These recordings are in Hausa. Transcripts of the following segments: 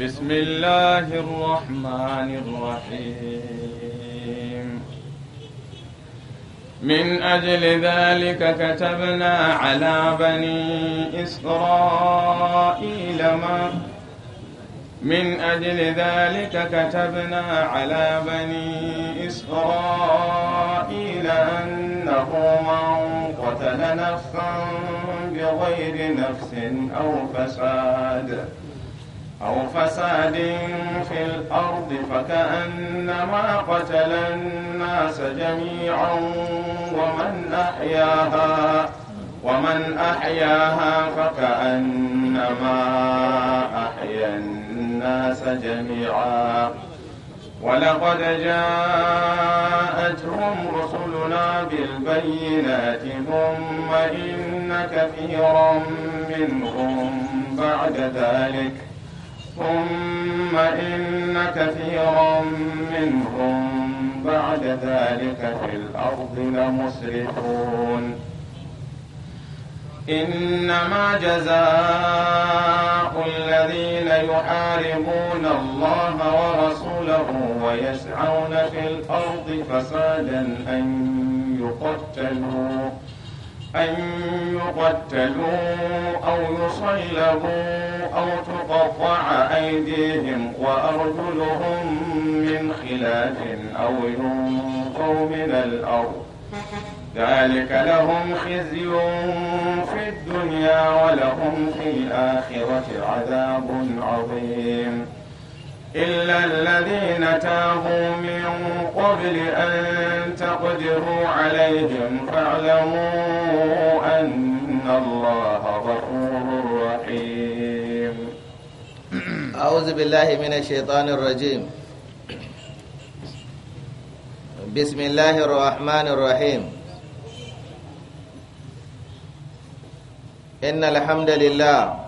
بسم الله الرحمن الرحيم من أجل ذلك كتبنا على بني إسرائيل ما من أجل ذلك كتبنا على بني إسرائيل أنه من قتل نفسا بغير نفس أو فساد أو فساد في الأرض فكأنما قتل الناس جميعا ومن أحياها ومن أحياها فكأنما أحيا الناس جميعا ولقد جاءتهم رسلنا بالبينات ثم إن كثيرا منهم بعد ذلك ثم إن كثيرا منهم بعد ذلك في الأرض لمسرفون إنما جزاء الذين يحاربون الله ورسوله ويسعون في الأرض فسادا أن يقتلوا أن يقتلوا أو يصلبوا أو تقطع أيديهم وأرجلهم من خلاف أو ينقوا من الأرض ذلك لهم خزي في الدنيا ولهم في الآخرة عذاب عظيم إلا الذين تابوا من قبل أن تقدروا عليهم فاعلموا أن الله غفور رحيم أعوذ بالله من الشيطان الرجيم بسم الله الرحمن الرحيم إن الحمد لله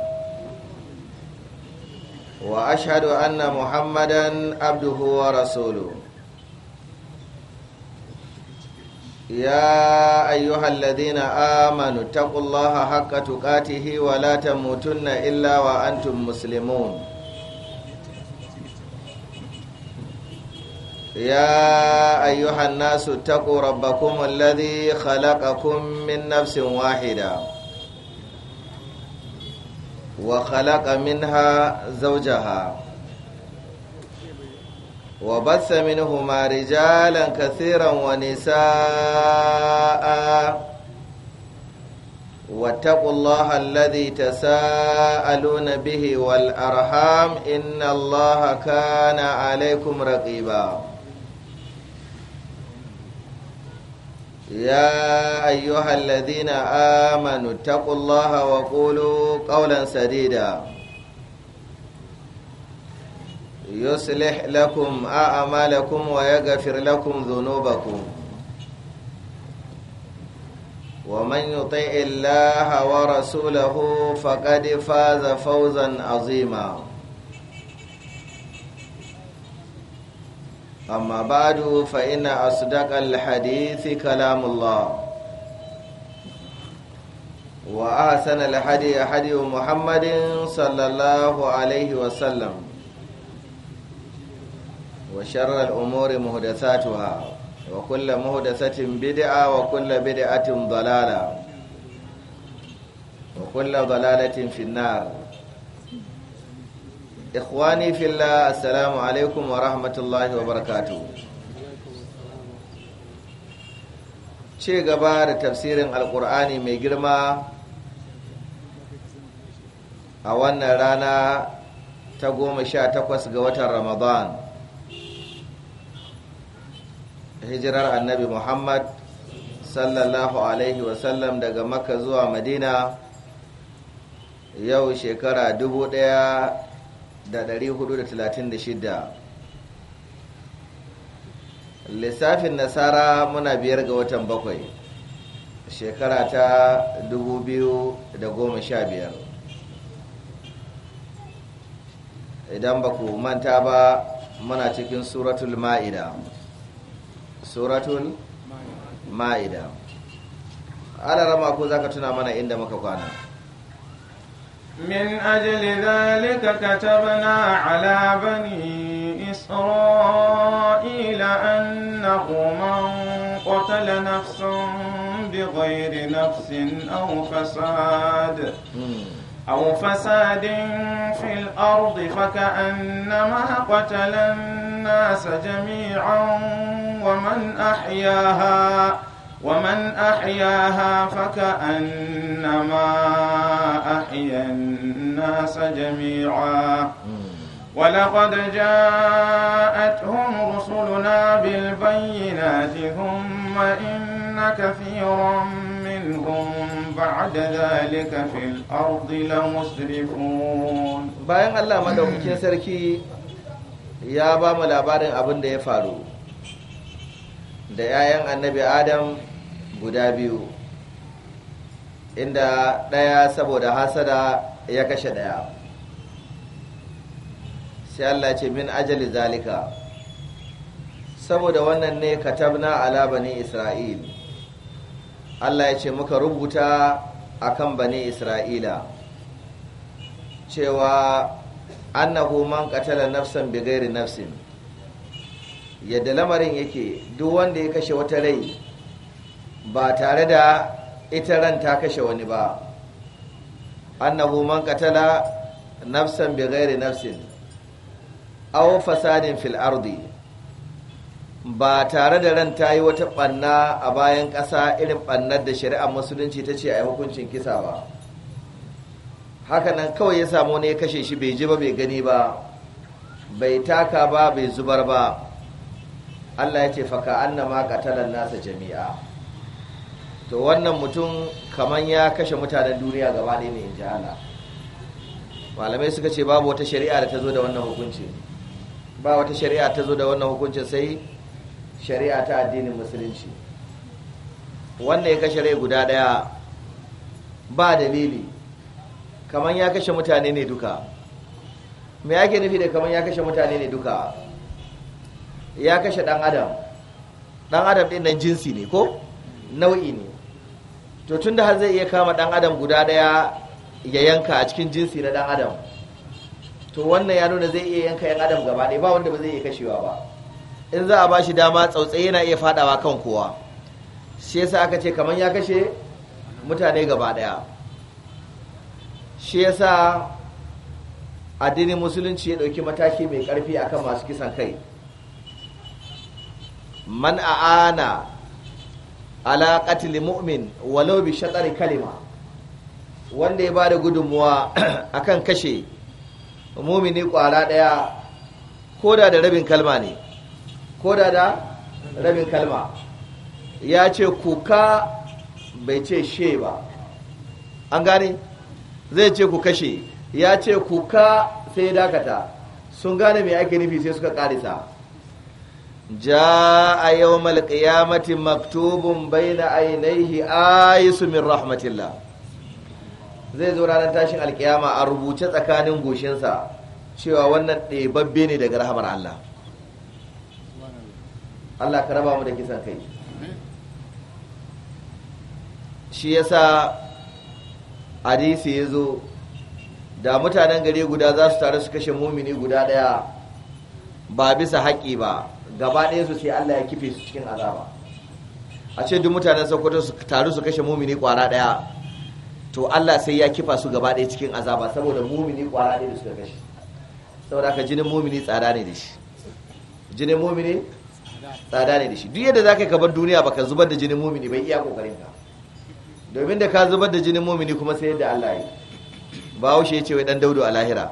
wa ashadu anna muhammadan abduhu wa rasulu ya ayyuhal ladina amanu taƙullaha haqqa tuqatihi wa la tamutunna illa wa antum muslimun يا أيها الناس اتقوا ربكم الذي خلقكم من وخلق منها زوجها وبث منهما رجالا كثيرا ونساء واتقوا الله الذي تساءلون به والأرحام إن الله كان عليكم رقيباً يا أيها الذين آمنوا اتقوا الله وقولوا قولا سديدا يصلح لكم أعمالكم ويغفر لكم ذنوبكم ومن يطع الله ورسوله فقد فاز فوزا عظيما أما بعد فإن أصدق الحديث كلام الله وأحسن الحديث حديث محمد صلى الله عليه وسلم وشر الأمور مهدثاتها وكل مهدثة بدعة وكل بدعة ضلالة وكل ضلالة في النار ikhwani fillah assalamu alaikum wa rahmatullahi ce gaba da tafsirin Alƙur'ani mai girma a wannan rana ta goma sha takwas ga watan ramadan Hijrar annabi muhammad sallallahu daga makka zuwa madina yau shekara dubu ɗaya. da 436 lissafin nasara muna biyar ga watan bakwai shekara ta 2015 idan ba ku manta ba muna cikin suratul ma'ida suratul ma'ida ala rama ko za ka tuna mana inda muka kwana من أجل ذلك كتبنا على بني إسرائيل أنه من قتل نفسا بغير نفس أو فساد أو فساد في الأرض فكأنما قتل الناس جميعا ومن أحياها ومن أحياها فكأنما أحيا الناس جميعا ولقد جاءتهم رسلنا بالبينات ثم إن كثيرا منهم بعد ذلك في الأرض لمسرفون باين الله ما دوم ya يا mu labarin أبن da ya faru da 'ya'yan guda biyu inda ɗaya saboda hasada ya kashe ɗaya sai Allah ce min ajali zalika saboda wannan ne katabna ala bani isra'il Allah ya ce muka rubuta akan bani isra'ila cewa annahu man katala nafsan bigairi nafsin yadda lamarin yake duk wanda ya kashe wata rai ba tare da ita ran ta kashe wani ba annahu man qatala nafsan ghairi nafsin aw fasadin fil ardi ba tare da ran ta yi wata banna a bayan ƙasa irin bannar da shari'ar musulunci ta ce a hukuncin kisa ba hakanan kawai ya samu ne ya kashe shi bai ji ba bai gani ba bai taka ba bai zubar ba Allah ya ce faka annama qatala nasa jami'a to wannan mutum kaman ya kashe mutanen duniya gaba ɗaya ne in ji malamai suka ce babu wata shari'a da ta zo da wannan hukunci ba wata shari'a ta zo da wannan hukuncin sai shari'a ta addinin musulunci wanda ya kashe rai guda ɗaya ba dalili kaman ya kashe mutane ne duka me yake nufi da kaman ya kashe mutane ne duka ya kashe ɗan adam ɗan adam ɗin nan jinsi ne ko nau'i ne to tun da har zai iya kama dan adam guda daya ya yanka a cikin jinsi na dan adam to wannan ya nuna zai iya yanka yan adam gaba ɗaya ba wanda ba zai iya kashewa ba in za a ba shi dama tsautsaye yana iya fadawa kan kowa shi yasa aka ce kamar ya kashe mutane gaba ɗaya shi yasa addinin musulunci ya ɗauki mataki mai ƙarfi akan masu kisan kai man a'ana ala qatl mu'min walau bi shatar kalima wanda ya bada gudunmuwa akan kashe mumini kwara daya koda da rabin kalma ne koda da rabin kalma ya ce kuka bai ce she ba an gane zai ce ku kashe ya ce kuka sai dakata sun gane mai ake nufi sai suka karisa ja'a ya qiyamati maktubun baina ainihi su min rahmatillah zai zo ranar tashin alkiyama a rubuce tsakanin goshinsa cewa wannan ɗebabbe ne daga rahamar Allah Allah ka raba mu da kisan kai shi yasa adisi ya zo da mutanen gari guda za su taru su kashe mumini guda ɗaya ba bisa haƙƙi ba gaba ɗaya su sai Allah ya kife su cikin azaba a ce duk mutanen Sokoto su taru su kashe mumini kwara ɗaya to Allah sai ya kifa su gaba ɗaya cikin azaba saboda mumini kwara ɗaya da suka kashe saboda haka jinin mumini tsada ne da shi jinin mumini tsada ne da shi duk yadda zaka kabar duniya baka zubar da jinin mumini bai iya kokarin ka domin da ka zubar da jinin mumini kuma sai yadda Allah ya yi bawo shi ya ce wai dan daudu a lahira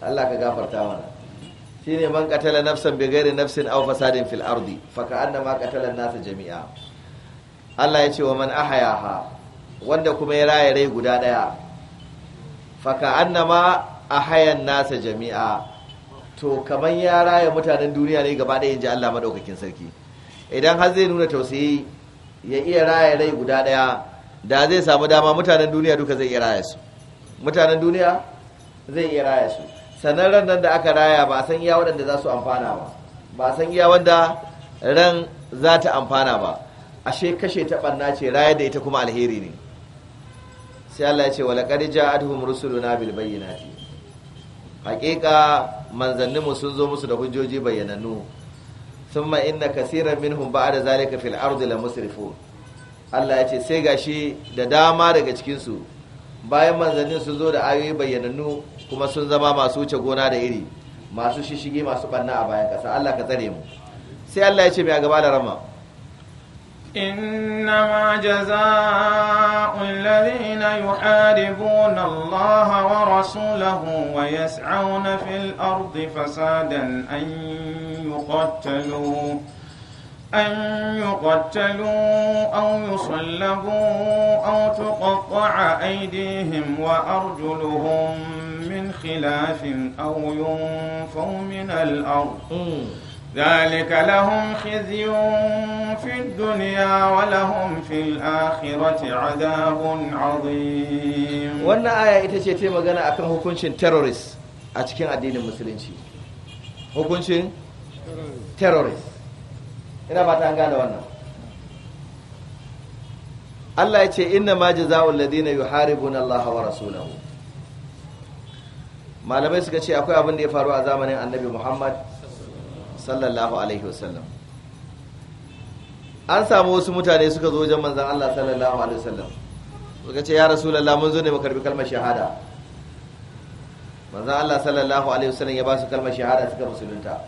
Allah ka gafarta mana shine man qatala nafsan bighairi nafsin aw fasadin fil ardi fa ka'annama qatala nasa jami'a Allah ya ce wa man ahayaha wanda kuma ya raye rai guda daya fa ma ahayan nasa jami'a to kaman ya raye mutanen duniya ne gaba daya inji Allah madaukakin sarki idan har zai nuna tausayi ya iya raye rai guda daya da zai samu dama mutanen duniya duka zai iya raye su mutanen duniya zai iya raya su Sanar ran nan da aka raya ba san iya waɗanda za su amfana ba ba san iya wanda ran za ta amfana ba ashe kashe ta ɓanna ce raya da ita kuma alheri ne sai Allah ya ce wala qad ja'atuhum rusuluna bil bayyinati Hakika manzanninmu sun zo musu da hujjoji bayyanannu thumma inna kaseeran minhum ba'da zalika fil ardi la musrifun Allah ya ce sai gashi da dama daga cikin su bayan manzannin sun zo da ayoyi bayyanannu kuma sun zama masu wuce gona da iri masu shishige masu banna a bayan kasa Allah ka tsare mu sai Allah ya ce mai a gaba da rama إنما جزاء الذين Wa الله ورسوله ويسعون في الأرض فسادا أن يقتلوا أن يقتلوا أو يصلبوا أو تقطع أيديهم وأرجلهم من خلاف أو ينفوا من الأرض ذلك لهم خزي في الدنيا ولهم في الآخرة عذاب عظيم وانا آية اتشيتي مغانا أكن هكونشن تيروريس أتكين الدين المسلمين هكونشن تيروريس ina ba ta an gane wannan Allah ya ce inna ma jazaa'ul ladina yuharibuna Allah wa rasulahu malamai suka ce akwai abin da ya faru a zamanin annabi Muhammad sallallahu alaihi wasallam an samu wasu mutane suka zo wajen manzon Allah sallallahu alaihi wasallam suka ce ya rasulullah mun zo ne mu karbi kalmar shahada manzon Allah sallallahu alaihi wasallam ya ba su kalmar shahada suka musulunta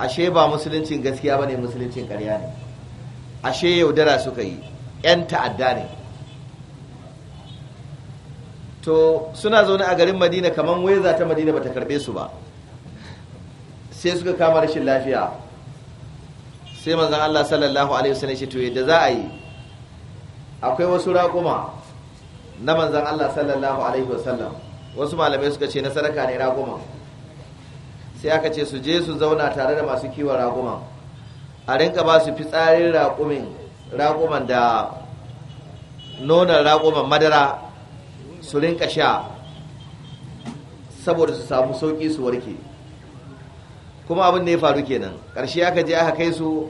ashe ba musuluncin gaskiya ba ne musuluncin karya ne ashe yaudara suka yi 'yan ta'adda ne to suna zaune a garin madina kamar weza ta madina ba ta karbe su ba sai suka kama rashin lafiya sai manzan allah sallallahu alaihi wasallam shi tuye da za a yi akwai wasu raƙuma na manzan allah sallallahu alaihi wasallam wasu malamai suka ce na sadaka ne raƙuma sai aka ce su je su zauna tare da masu kiwon raƙuman a rinka ba su fitsarin raƙuman da nonon raƙuman madara su rinka sha saboda su samu sauki su warke kuma abin da ya faru kenan ƙarshe aka je aka kai su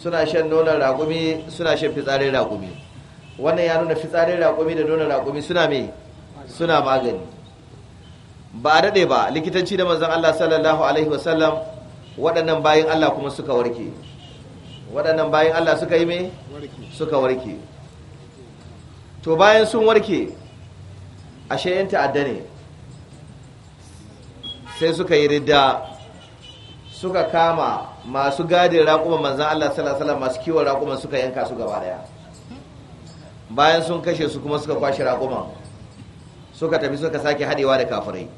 suna shan nonon raƙumi suna shan fitsarin raƙumi wannan ya nuna fitsarin raƙumi da nonon raƙumi suna mai suna magani ba a daɗe ba likitanci da manzan Allah sallallahu alaihi wasallam waɗannan bayan Allah kuma suka warke waɗannan bayan Allah suka yi mai suka warke to bayan sun warke ashe yan ta'adda ne sai suka yi ridda suka kama masu gadin raƙuman manzan Allah sallallahu alaihi masu kiwon raƙuman suka yanka su gaba daya bayan sun kashe su kuma suka kwashe raƙuman suka tafi suka sake haɗewa da kafirai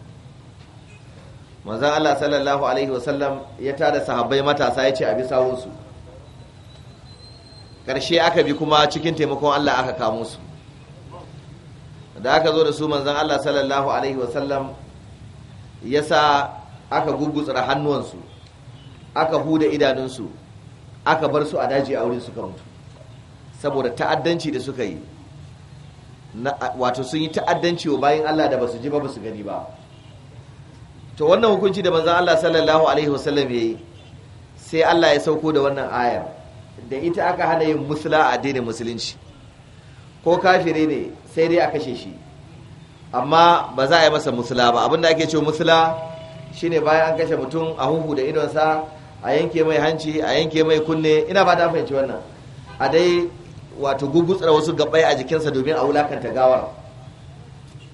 Manzan Allah sallallahu alaihi wasallam ya tada sahabbai matasa ya ce a bi ƙarshe aka bi kuma cikin taimakon Allah aka kamo su da aka zo da su manzan Allah sallallahu alaihi wasallam ya sa aka gugutsura hannuwansu aka huda idanunsu aka bar su a daji a wurin suka mutu saboda ta'addanci da suka yi wato sun yi ta'addanci wa bayan Allah da basu ji ba basu gani ba to wannan hukunci da manzan Allah sallallahu alaihi wasallam yi, sai Allah ya sauko da wannan ayar da ita aka hana yin musula a addinin musulunci ko kafire ne sai dai a kashe shi amma ba za a yi masa musula ba abinda ake ce musula shine bayan an kashe mutum a huhu da idonsa a yanke mai hanci a yanke mai kunne ina ba ta fahimci wannan a dai wato gugutsar wasu gabai a jikinsa domin a wulakanta gawar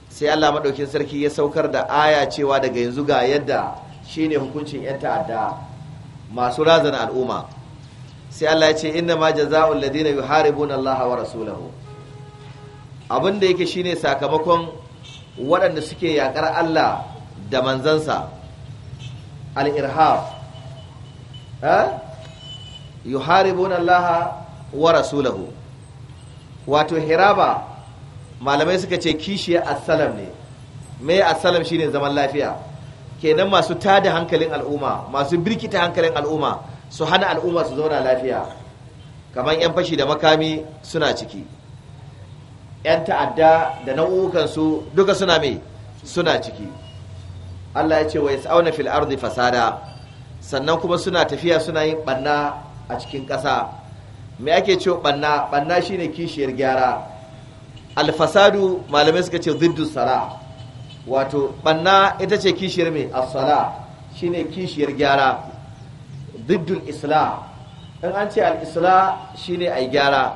sai Allah maɗaukin sarki ya saukar da aya cewa daga yanzu ga yadda shine hukuncin yan ta'adda masu razana al'umma sai Allah ya ce inna ma jazaa'ul ladina yuharibuna Allah wa rasulahu abin da yake shine sakamakon waɗanda suke yakar Allah da manzansa al-irhab yuharibuna Allah wa rasulahu wato hiraba malamai suka ce kishiya assalam ne me assalam shine zaman lafiya kenan masu tada hankalin al'umma masu birkita hankalin al'umma su hana al'umma su zauna lafiya kamar 'yan fashi da makami suna ciki 'yan ta'adda da nau'ukansu duka suna mai suna ciki Allah ya ce wa yas'auna fil ardi fasada sannan kuma suna tafiya suna yin ɓanna a cikin ƙasa me ake cewa banna banna shine kishiyar gyara alfasadu malamai suka ce ziddu sara wato banna ita ce kishiyar mai asala shi shine kishiyar gyara ziddul isla in an ce al-isla shine ai gyara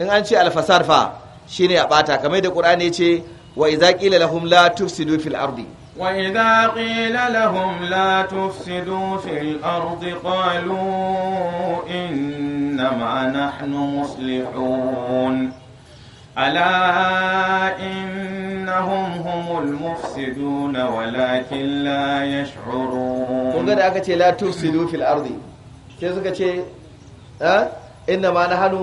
in an ce alfasad fa shine a bata kamar da qur'ani ne ce wa idza qila lahum la tufsidu fil ardi وإذا قيل لهم لا تفسدوا في الأرض قالوا إنما نحن مصلحون ألا إنهم هم المفسدون ولكن لا يشعرون kun ga da aka ce la tufsidu fil ardi sai suka ce inna ma nahnu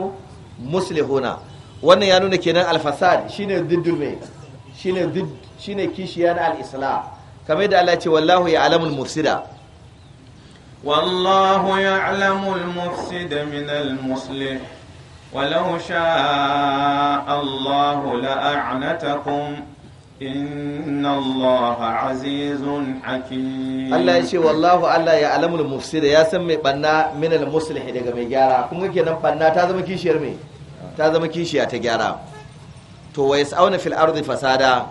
muslihuna wannan ya nuna kenan al shine shine shine kishiya na al-islam kamar da Allah ce wallahu ya'lamul mufsida wallahu ya'lamul mufsida min al-muslih ولو شاء الله لأعنتكم إن الله عزيز حكيم الله يشي والله الله يعلم المفسد يا سمي بنا من المصلح daga mai gyara kun ga kenan banna ta zama kishiyar me ta zama kishiya ta gyara to wa yas'auna fil ardi fasada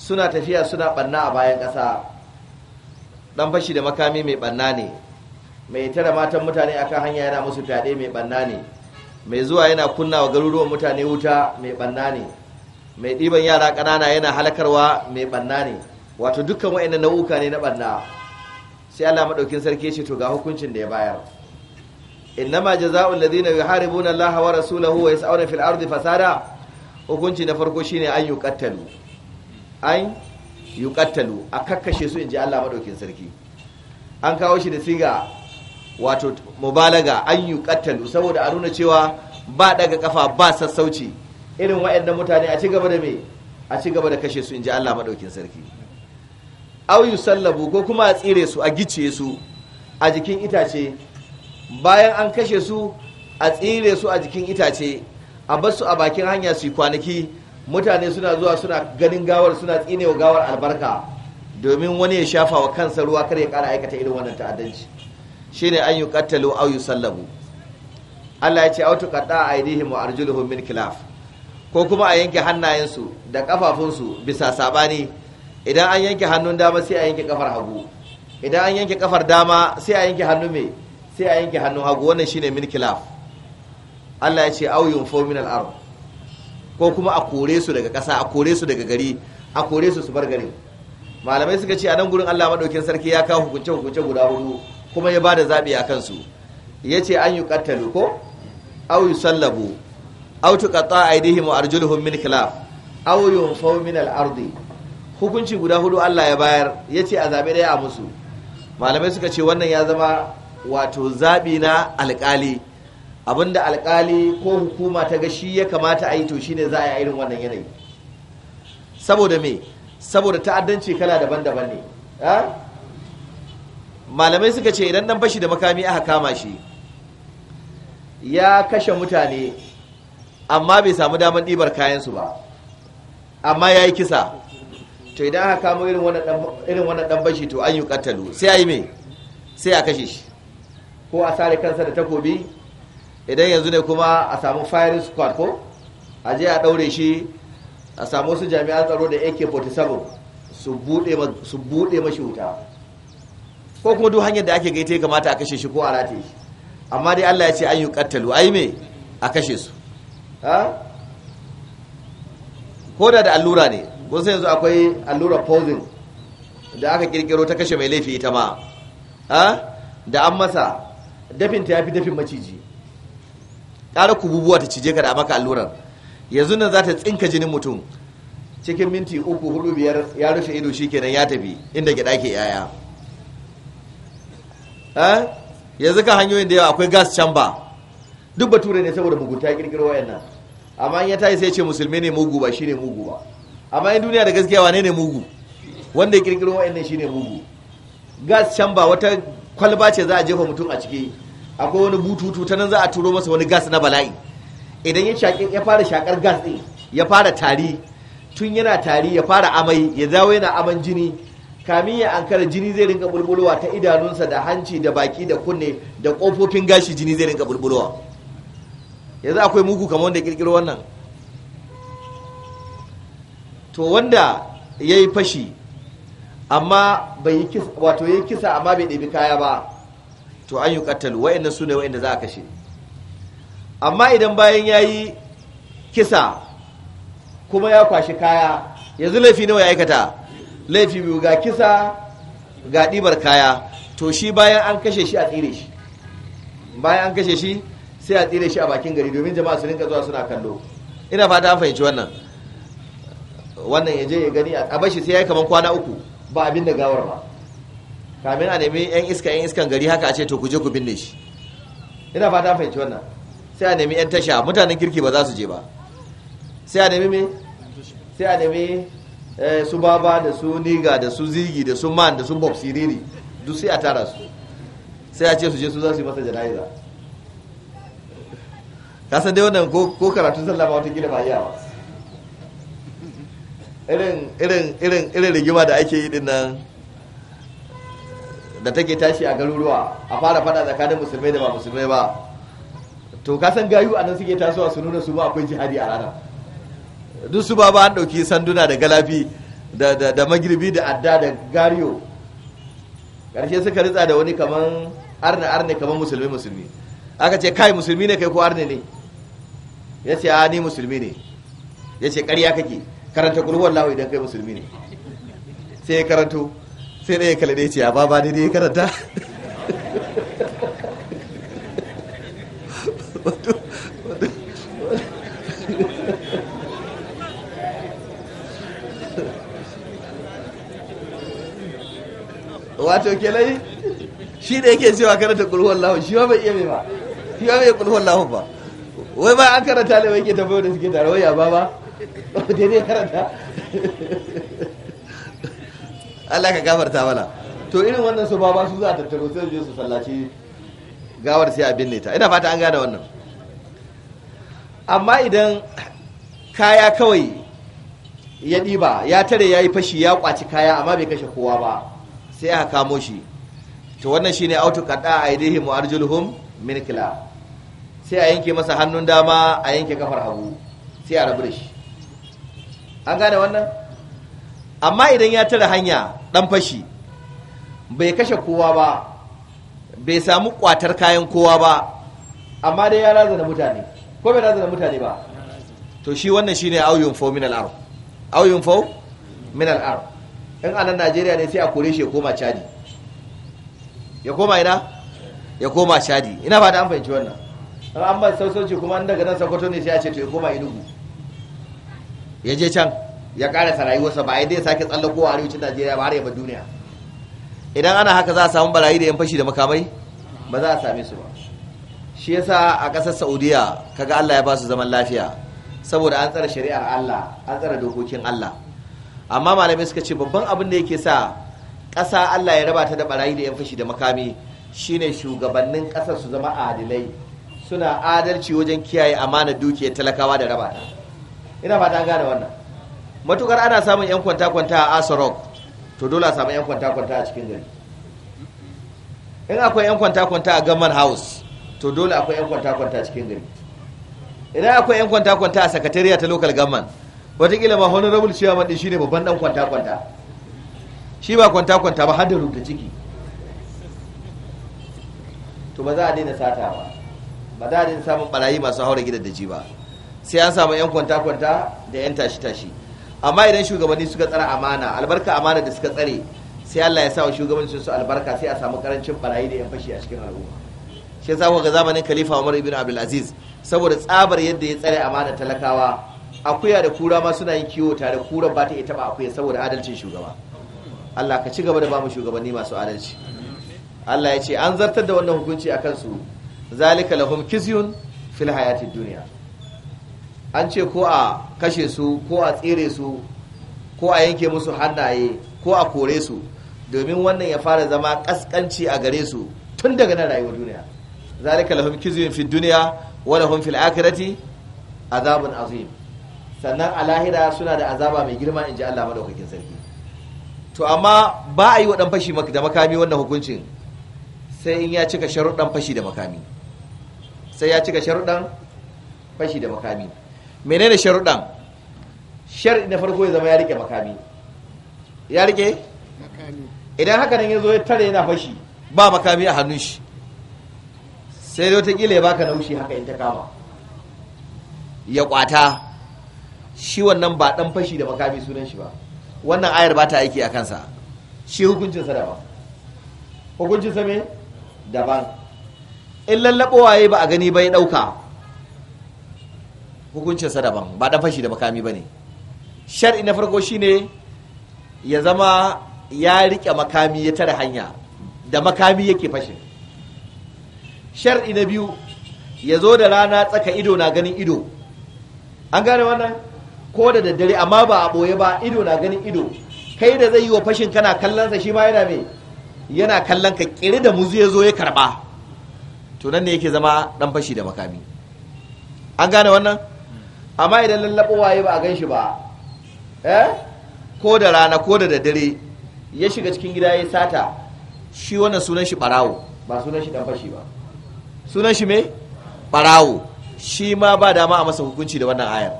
suna tafiya suna banna a bayan ƙasa Ɗan fashi da makami mai banna ne mai tara matan mutane akan hanya yana musu fyaɗe mai banna ne mai zuwa yana kunna wa garuruwan mutane wuta mai banna ne mai ɗiban yara ƙanana yana halakarwa mai banna ne wato dukkan wa'annan nau'uka ne na banna sai Allah maɗaukin sarki ce to ga hukuncin da ya bayar innama jazaa'ul ladina yuharibuna Allah wa rasulahu wa yas'una fil ardi fasada hukunci na farko shine an an yi yuqattalu a kakkashe su in ji Allah maɗaukin sarki an kawo shi da siga wato mubalaga an yi yuqattalu saboda a nuna cewa ba daga kafa ba sassauci irin waɗannan mutane a ci gaba da me a ci gaba da kashe su in ji Allah maɗaukin sarki aw sallabu ko kuma a tsire su a gice su a jikin itace bayan an kashe su a tsire su a jikin itace a bar su a bakin hanya su kwanaki mutane suna zuwa suna ganin gawar suna tsinewa gawar albarka domin wani ya shafa wa kansa ruwa kar ya kara aikata irin wannan ta'addanci shine an yi kattalo au yusallabu Allah ya ce autu qadda aydihim wa arjuluhum min khilaf ko kuma a yanke hannayensu da kafafunsu bisa sabani idan an yanke hannun dama sai a yanke kafar hagu idan an yanke kafar dama sai a yanke hannu me sai a yanke hannun hagu wannan shine min khilaf Allah ya ce au fominal min al-ard ko kuma a kore su daga ƙasa a kore su daga gari a kore su su bar gari. malamai suka ce a nan gurin Allah madaukin sarki ya kawo hukunce hukunce guda hudu kuma ya bada zabi a kansu ce an yi kattalu ko aw yusallabu aw tuqata aydihim wa arjuluhum min khilaf aw yunfaw min al-ardi hukunci guda hudu Allah ya bayar ce a zaɓi ɗaya a musu malamai suka ce wannan ya zama wato zabi na alƙali abinda alkali ko hukuma ta ga shi ya kamata a yi to shine za a yi irin wannan yanayi saboda me saboda ta'addanci kala daban-daban ne malamai suka ce idan dan bashi da makami aka kama shi ya kashe mutane amma bai samu damar ɗibar kayansu ba amma ya yi kisa to idan aka kama irin wannan dan bashi to an yi kattalu sai a yi me sai a kashe shi ko a sare kansa da takobi idan yanzu ne kuma a samu firing squad ko a je a daure shi a samu su jami'an tsaro da AK47 su bude mashi wuta ko kuma duk hanyar da ake gaita ya kamata a kashe shi ko a rataye shi amma dai Allah ya ce an yi kattalu ai me a kashe su ko da da allura ne kun sai yanzu akwai allura posing da aka kirkiro ta kashe mai laifi ita ma da an masa dafinta ya fi dafin maciji ƙara kububuwa ta cije ka da maka allurar yanzu nan za ta tsinka jinin mutum cikin minti uku hudu biyar ya rufe ido shi kenan ya tafi inda gida ke yaya yanzu ka hanyoyin da yawa akwai gas chamber duk bature ne saboda mugunta ya kirkiro wayannan amma in ya tayi sai ce musulmi ne mugu ba shine mugu ba amma in duniya da gaskiya wane ne mugu wanda ya kirkiro wayannan shine mugu gas chamber wata kwalba ce za a jefa mutum a ciki akwai wani bututu ta nan za a turo masa wani gas na bala'i idan ya ya fara shakar gas ɗin ya fara tari tun yana tari ya fara amai ya dawo yana aman jini kamin ya ankara jini zai rinka bulbulowa ta idanunsa da hanci da baki da kunne da kofofin gashi jini zai rinka bulbulowa yanzu akwai mugu kamar wanda kirkiro wannan to wanda ya yi fashi amma bai yi kisa wato ya yi kisa amma bai ɗabi kaya ba to an yi katalu wa'annan su ne wa'anda za a kashe amma idan bayan ya yi kisa kuma ya kwashi kaya yanzu laifi nawa ya aikata laifi biyu ga kisa ga ɗibar kaya to shi bayan an kashe shi a tsire shi bayan an kashe shi sai a tsire shi a bakin gari domin jama'a su rinka zuwa suna kallo ina fata an fahimci wannan wannan ya je ya gani a bashi sai ya yi kamar kwana uku ba abin da gawar ba kamin a nemi yan iska yan iskan gari haka a ce to ku je ku binne shi ina fata fahimci wannan sai a nemi yan tasha mutanen kirki ba za su je ba sai a nemi me sai a nemi eh, su baba da su niga da su zigi da su man da su bob siriri duk sai a tara su sai a ce su je su za su yi masa jana'iza ka san dai wannan ko karatun sallah ba wata gida ba yawa irin irin irin irin rigima da ake yi din nan da take tashi a garuruwa a fara fada tsakanin musulmai da ba musulmai ba to ka san gayu a nan suke tasowa su nuna su ba akwai jihadi a ranar duk su ba ba an ɗauki sanduna da galafi da magirbi da adda da gariyo ƙarshe suka ritsa da wani kaman arne arne kaman musulmi musulmi aka ce kai musulmi ne kai ko arne ne ya ce a ni musulmi ne ya ce ƙarya kake karanta kurwan lawai idan kai musulmi ne sai ya karanto sai ɗaya kala ɗaya ce a ba ba ne karanta wato kelai shi da yake cewa karanta kulhuwan lahun shi ba bai iya mai ba shi ba bai kulhuwan lahun ba wai ba an karanta ne wai ke tafiya da suke tare wai ya ba ba daidai karanta Allah ka gafarta mana to irin wannan su ba ba su za ta tattaro sai su je su sallaci gawar sai a binne ta ina fata an gane wannan amma idan kaya kawai ya ɗiba ya tare ya yi fashi ya kwaci kaya amma bai kashe kowa ba sai aka kamo shi to wannan shine autu qada aidihim wa arjuluhum min kila sai a yanke masa hannun dama a yanke kafar hagu sai a rabu da shi an gane wannan amma idan ya tare hanya dan fashi bai kashe kowa ba bai samu kwatar kayan kowa ba amma dai ya razana mutane ko bai razana mutane ba to shi wannan shine auyun fo min al'ar. ard auyun min al'ar ard in anan Najeriya ne sai a kore shi ya koma Chadi ya koma ina ya koma Chadi ina ba da an fahimci wannan an ba sausauci kuma an daga nan Sokoto ne sai a ce to ya koma Enugu ya je can ya karasa rayuwarsa ba ai dai sake a arewacin najeriya ba har yaba duniya idan ana haka za a samu barayi da yan fashi da makamai ba za a same su ba shi yasa a ƙasar saudiya ga allah ya ba su zaman lafiya saboda an tsara shari'ar allah an tsara dokokin allah amma malamai suka ce babban abin da yake sa ƙasa allah ya raba ta da barayi da yan fashi da makami shine shugabannin ƙasar su zama adilai suna adalci wajen kiyaye amanar dukiyar talakawa da raba ta ina fata an gane wannan matukar ana samun yan kwanta-kwanta a asarok to dole a samu yan kwanta-kwanta a cikin gari in akwai yan kwanta-kwanta a gaman house to dole akwai yan kwanta-kwanta a cikin gari idan akwai yan kwanta-kwanta a sakatariya ta local gaman watakila ma cewa chairman shi shine babban dan kwanta-kwanta shi ba kwanta-kwanta ba hada rubuta ciki to ba za a daina sata ba ba za a daina samun ɓarayi masu haura gidan da ji ba sai an samu yan kwanta-kwanta da yan tashi-tashi amma idan shugabanni suka tsara amana albarka amana da suka tsare sai Allah ya sa wa shugabancin su albarka sai a samu karancin barayi da yan fashi a cikin al'umma shi yasa kuka zamanin khalifa Umar ibn Abdul Aziz saboda tsabar yadda ya tsare amana talakawa akuya da kura ma suna yin kiwo tare kura ba ta iya taba akuya saboda adalcin shugaba Allah ka ci gaba da bamu shugabanni masu adalci Allah ya ce an zartar da wannan hukunci akan su zalika lahum kizyun fil hayatid dunya an ce ko a kashe su ko a tsere su ko a yanke musu hannaye ko a kore su domin wannan ya fara zama kaskanci a gare su tun daga nan rayuwar duniya zalika lahum kizyun fi dunya wa lahum fil akhirati azabun azim sannan a lahira suna da azaba mai girma in ji Allah madaukakin sarki to amma ba a yi wa dan fashi da makami wannan hukuncin sai in ya cika sharuɗan fashi da makami sai ya cika sharuɗan fashi da makami menene sharuɗan shar'i na farko ya zama ya rike makami ya rike idan haka nan ya zo ya tare yana fashi ba makami a hannun shi sai dai ƙila ya baka naushi haka in ta kama ya kwata shi wannan ba dan fashi da makami sunan shi ba wannan ayar ba ta aiki a kansa shi hukuncinsa daban hukuncinsa me daban in lallabowa ya ba a gani ba ya ɗauka hukuncinsa daban ba dan fashi da makami ba ne shar'i na farko shine ya zama ya riƙe makami ya tare hanya da makami yake fashin shar'i na biyu ya zo da rana tsaka ido na ganin ido an gane wannan ko da daddare amma ba a ɓoye ba ido na ganin ido kai da zai yi wa fashin kana kallonsa shi ma yana me yana kallon ka kiri da muzu ya zo ya karɓa to nan ne yake zama ɗan fashi da makami an gane wannan amma idan lallaɓa waye ba a gan shi ba eh ko da rana ko da daddare ya shiga cikin gida ya sata shi wannan sunan shi barawo ba sunan shi ɗanfashi ba sunan shi me barawo shi ma ba dama a masa hukunci da wannan ayar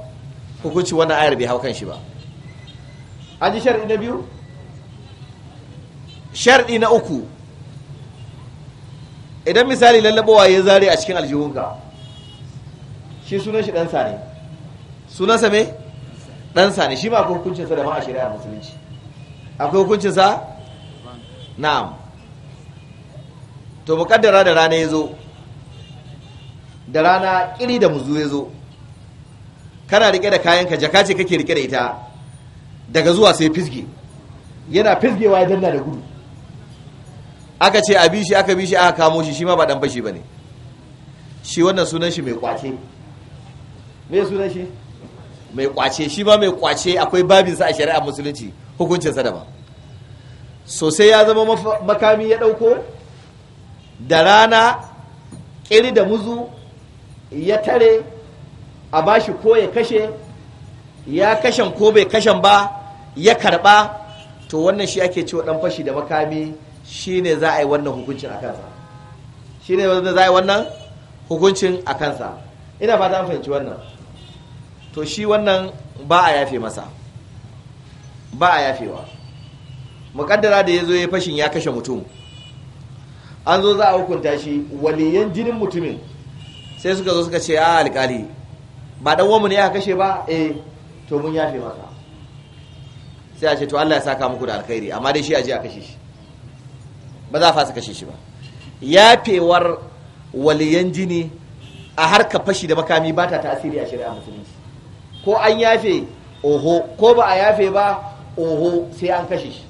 hukunci wannan ayar bai hau kan shi ba an ji sharɗi na biyu sharɗi na uku idan misali lallabowa ya zare a cikin aljihunka shi sunan shi ɗansa ne sunansa me ɗansa ne shi ma akwai hukuncinsa da ma a musulunci akwai hukuncinsa na'am to muƙaddara da rana ya zo da rana ƙiri da muzu ya zo kana rike da kayanka jaka ce kake rike da ita daga zuwa sai fisge yana fisgewa ya danna da gudu aka ce a bi shi aka bi shi aka kamo shi shi ma ba dan bashi ba ne shi wannan sunan shi mai kwace me sunan shi mai kwace shi ba mai kwace akwai babinsa a shari'a musulunci hukuncinsa daban sosai ya zama makami ya ɗauko da rana ƙiri da muzu ya tare a bashi ko ya kashe ya kashen ko bai kashen ba ya karɓa to wannan shi ake cewa ɗan fashi da makami shine za a yi wannan hukuncin a kansa shine za a yi wannan hukuncin a kansa ina ba ta fahimci wannan to shi wannan ba a yafe masa ba a yafewa muƙaddara da ya zo ya fashin ya kashe mutum an zo za a hukunta shi waliyan jinin mutumin sai suka zo suka ce a ah, alkali ba dan wamu ne ya kashe ba eh to mun yafe masa sai a ce to Allah ya saka muku da alkhairi amma dai shi a je a kashe shi ba za a fasa kashe shi ba yafewar waliyan jini a harka fashi da makami ba ta tasiri a shari'a musulmi ko an yafe oho ko ba a yafe ba oho sai an kashe shi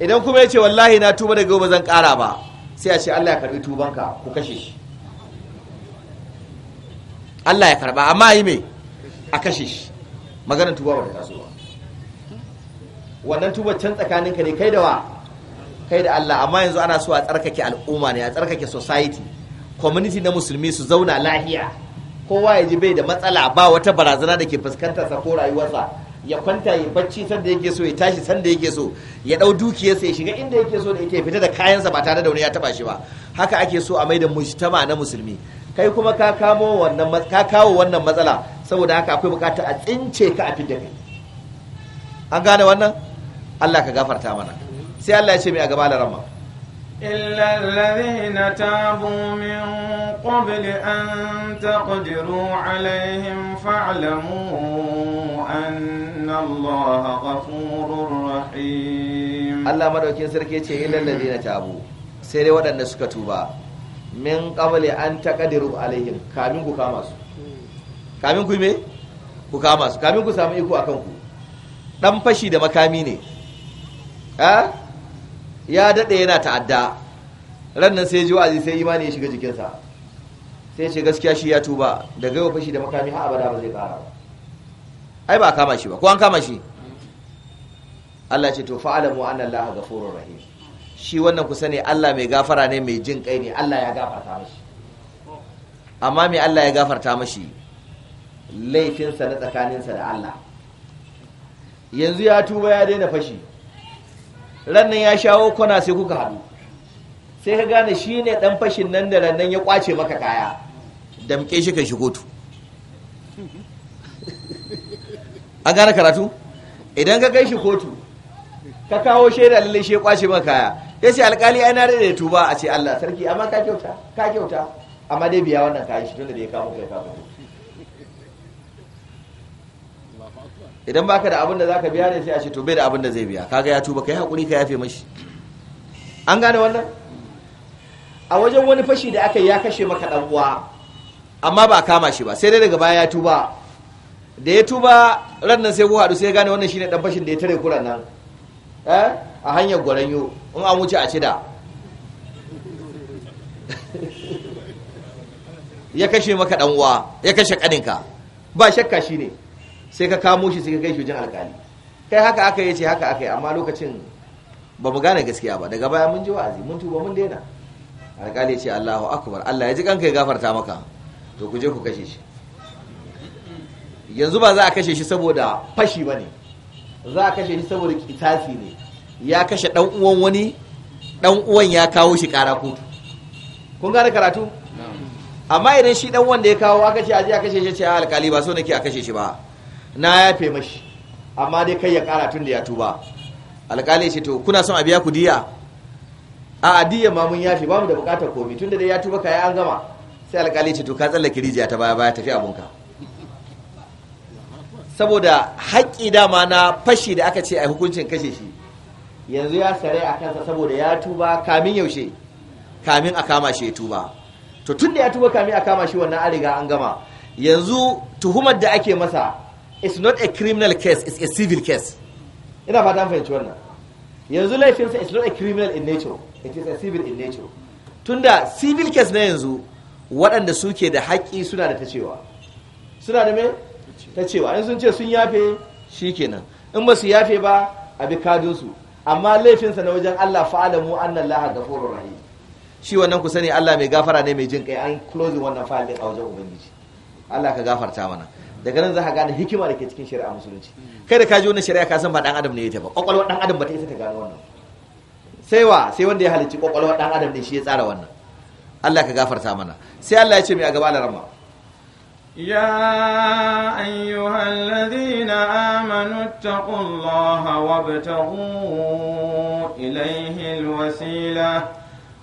idan kuma ya ce wallahi na tuba daga gaba zan kara ba sai a ce Allah ya karbi tubanka ku kashe shi Allah ya karba amma yi me a kashe shi maganar tuba ba ta taso ba wannan tuba can tsakaninka ne kai da wa kai da Allah amma yanzu ana so a tsarkake al'umma ne a tsarkake society community na musulmi su zauna lahiya kowa ya ji bai da matsala ba wata barazana da ke fuskantarsa ko rayuwarsa ya kwanta ya bacci sanda yake so ya tashi sanda yake so ya dau dukiyarsa ya shiga inda yake so da yake fita da kayansa ba tare da wani ya taba shi ba haka ake so a mai da mujtama na musulmi kai kuma ka kamo wannan ka kawo wannan matsala saboda haka akwai bukata a tsince ka a fidda kai an gane wannan Allah ka gafarta mana sai Allah ya ce mai a gaba larama إلا الذين تابوا من قبل أن تقدروا عليهم فاعلموا أن الله غفور رحيم الله مدوكين سركي إلا الذين تابوا سيري ودن سكتوبا من قبل أن تقدروا عليهم كامين كاماس كامين كو يمي kama su kamin ku samu iko a kanku dan fashi da ya daɗe yana ta'adda rannan sai ji wa'azi sai imani ya shiga jikinsa sai ce gaskiya shi ya tuba da gaiwa fashi da makami har abada ba zai kara ba ai ba kama shi ba ko an kama shi Allah ce to mu anna Allah ghafurur rahim shi wannan ku sani Allah mai gafara ne mai jin kai ne Allah ya gafarta mashi amma mai Allah ya gafarta mashi laifinsa na tsakaninsa da Allah yanzu ya tuba ya daina fashi rannan ya shawo kwana sai kuka haɗu sai ka gane shi ne ɗan fashin nan da rannan ya ƙwace maka kaya damƙe shi kan shi kotu an gane karatu idan ka kai shi kotu ka kawo da lalle shi ya ƙwace maka kaya ya ce alƙali ai na da tuba a ce Allah sarki amma ka kyauta ka kyauta amma dai biya wannan kayan shi tun da ya kawo kai kawo idan baka da abin da zaka biya ne sai a ce to bai da abin da zai biya kaga ya tuba kai hakuri ka yafe mashi an gane wannan a wajen wani fashi da aka yi ya kashe maka dan uwa amma ba a kama shi ba sai dai daga baya ya tuba da ya tuba ran nan sai ku haɗu sai ya gane wannan shine dan fashin da ya tare kuran nan eh a hanyar gwaranyo in an wuce a cida ya kashe maka dan uwa ya kashe kaninka ba shakka shine ne sai ka kamo shi sai ka kai shi wajen alkali kai haka aka yi ce haka aka yi amma lokacin ba mu gane gaskiya ba daga baya mun ji wa'azi mun tuba mun daina alkali ya ce Allahu akbar Allah ya ji kanka ya gafarta maka to ku je ku kashe shi yanzu ba za a kashe shi saboda fashi bane za a kashe shi saboda kitasi ne ya kashe dan uwan wani dan uwan ya kawo shi kara kotu kun gane karatu amma idan shi dan wanda ya kawo aka ce aje a kashe shi ce alkali ba so nake a kashe shi ba na yafe mashi amma dai kai ya kara tun da ya tuba alƙali ce to kuna son a biya ku diya a adiyar ma mun yafe ba mu da buƙatar komi tun da dai ya tuba ka ya an gama sai alƙali ce to ka tsallake rijiya ta baya baya tafi abunka saboda haƙƙi dama na fashi da aka ce a hukuncin kashe shi yanzu ya sare a kansa saboda ya tuba kamin yaushe kamin a kama shi ya tuba to tun da ya tuba kamin a kama shi wannan an riga an gama yanzu tuhumar da ake masa it's not a criminal case it's a civil case ina fata an fahimci wannan yanzu laifinsa it's not a criminal in nature it is a civil in nature tunda civil case na yanzu waɗanda suke da haƙƙi suna da ta cewa suna da me ta cewa in sun ce sun yafe shikenan in ba su yafe ba a bi su. amma laifinsa na wajen Allah fa'alamu annan laha da horon rahim shi wannan ku sani Allah mai gafara ne mai jin kai an closing wannan din a wajen ubangiji Allah ka gafarta mana daga nan za ka gane hikima da ke cikin shari'a musulunci kai da ka ji wani shari'a ka san ba dan adam ne ya tafi ba kwakwalwar dan adam ba ta isa ta gano wannan sai wa sai wanda ya halicci kwakwalwar dan adam ne shi ya tsara wannan Allah ka gafarta mana sai Allah ya ce mai a gaba larama يا أيها الذين آمنوا اتقوا الله وابتغوا إليه الوسيلة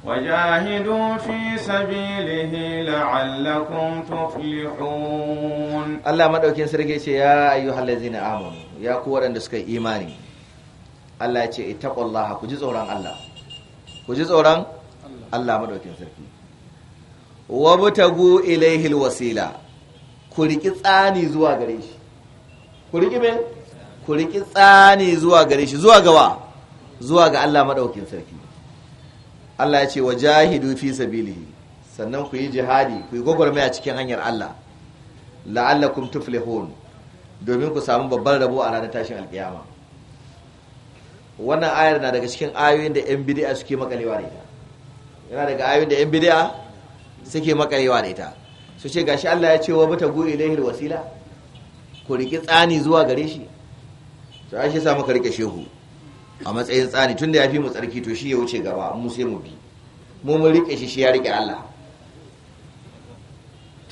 وجاهدوا في سبيله لعلكم تفلحون الله مدوكين سرقي يا أيها الذين آمنوا يا قوة أن تسكي إيماني الله يتي اتقوا الله كجز أوران الله كجز أوران الله مدوكين سرقي وابتغوا إليه الوسيلة كوريكي تساني زوا غريش كوريكي بي كوريكي تساني زوا غريش زوا غوا زوا غا الله مدوكين سرقي Allah ya ce wa jahidu fi sabilihi sannan ku yi jihadi ku yi a cikin hanyar Allah la'allakum tuflihun domin ku samu babban rabo a ranar tashin alkiyama wannan ayar na daga cikin ayoyin da yan bid'a suke makalewa da ita yana daga ayoyin da yan bid'a suke makalewa da ita su ce gashi Allah ya ce wa bata gu ilaihi wasila ku riki tsani zuwa gare shi to ai shi samu ka rike shehu a matsayin tsani tunda ya fi mu tsarki to shi ya wuce gaba mu sai mu bi mu mun rike shi shi ya rike Allah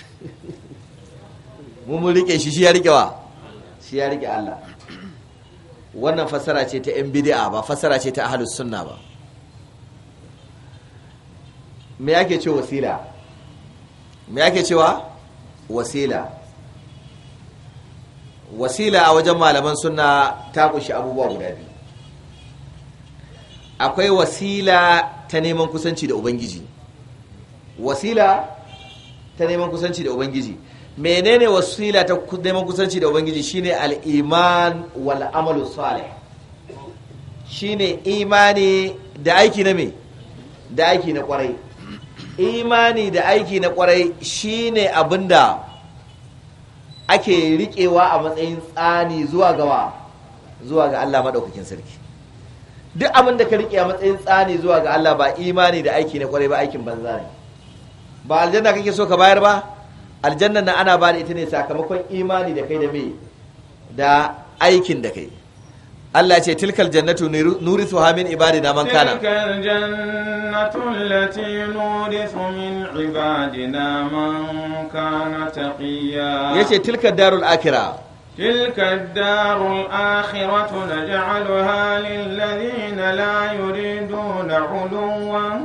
mu mun rike shi shi ya rike wa shi ya rike Allah wannan fasara ce ta yan bid'a ba fasara ce ta ahlus sunna ba me yake ce wasila me yake cewa wasila wasila a wajen malaman sunna ta kushi abubuwa guda biyu akwai wasila ta neman kusanci da ubangiji wasila ta neman kusanci da ubangiji menene wasila ta neman kusanci da ubangiji shine al-iman wal amalu salih shine imani da aiki na me da aiki na kwarai imani da aiki na kwarai shine abinda ake riƙewa a matsayin tsani zuwa gawa zuwa ga Allah madaukakin sarki duk abin da ka riƙe a matsayin tsani zuwa ga Allah ba imani da aiki na kwarai ba aikin banza ne ba aljanna kake so ka bayar ba aljanna na ana ba da ita ne sakamakon imani da kai da me da aikin da kai Allah ce tilkal jannatu nurisu ha min ibadina man kana tilkal man kana taqiya yace tilkal darul Akira. تلك الدار الآخرة نجعلها للذين لا يريدون علوا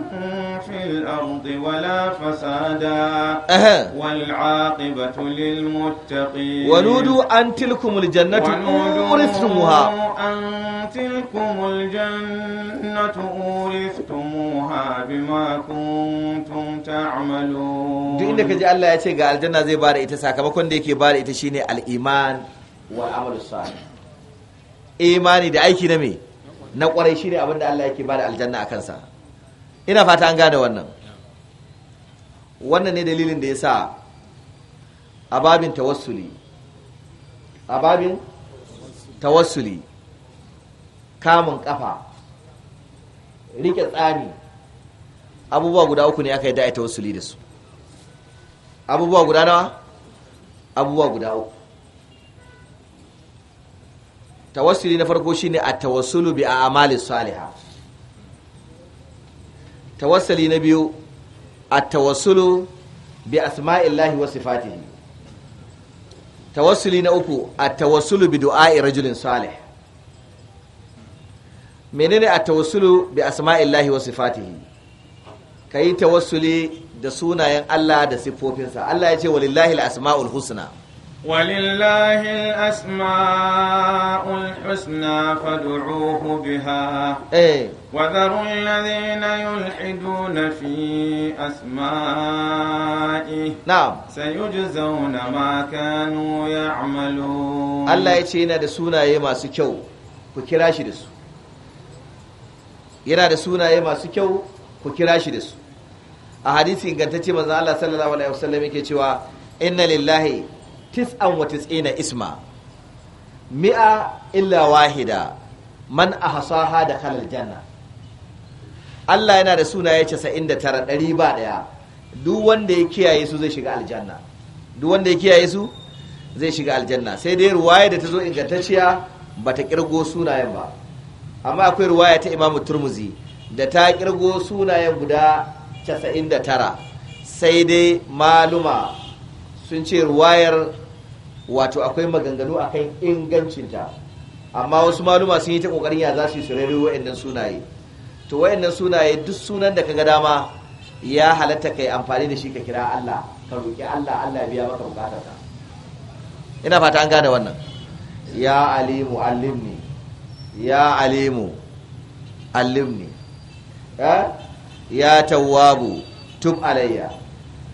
في الأرض ولا فسادا والعاقبة للمتقين ونودوا أن تلكم الجنة أورثتموها أن تلكم الجنة أورثتموها بما كنتم تعملون duk inda ka ji Allah ya ce ga aljanna zai bada ita sakamakon da yake bada ita shine al wal amalu sani. imani da aiki na me na kwarai shine abinda Allah yake bada aljanna akan sa ina fata an gane wannan wannan ne dalilin da yasa sa ababin tawassuli ababin tawassuli kamun kafa rike tsani abubuwa guda uku ne aka yi da'a tawassuli da su abubuwa guda nawa abubuwa guda uku tawassuli na farko shine a tawassulu bi a'malis salihah tawassuli na biyu a tawassulu bi asma'illahi wa sifatihi tawassuli na uku a tawassulu bi du'a'i rajulin salih menene a tawassulu bi asma'illahi wa sifatihi kai tawassuli da sunayen Allah da siffofinsa Allah ya ce walillahi al-asma'ul husna ولله الأسماء الحسنى فادعوه بها وذروا الذين يلحدون في أسمائه نعم سيجزون ما كانوا يعملون الله يتشينا دسونا يما سكو فكراش دسو yana da sunaye masu kyau ku kira shi da su a hadisi ingantacce الله Allah sallallahu alaihi wasallam yake cewa inna lillahi tis'an wa tis'ina isma mi'a illa wahida man a ahsaha da kalar janna Allah yana da sunaye tara ɗari ba ɗaya duk wanda ya kiyaye su zai shiga aljanna duk wanda ya kiyaye su zai shiga aljanna sai dai ruwaya da ta zo ingantacciya ba ta kirgo sunayen ba amma akwai ruwaya ta imamu turmuzi da ta kirgo sunayen guda 99 sai dai maluma sun ce wayar wato akwai maganganu a akan ingancinta amma wasu maluma sun yi ta kokarin ya za su yi su rere wa'annan sunaye to wa'annan sunaye duk sunan da ka ga dama ya halatta kai amfani da shi ka kira Allah ka roƙi Allah Allah biya maka bukatarka ina fata an gane wannan ya alimu allimni ya alimu allimni eh? ya tawwabu tub alayya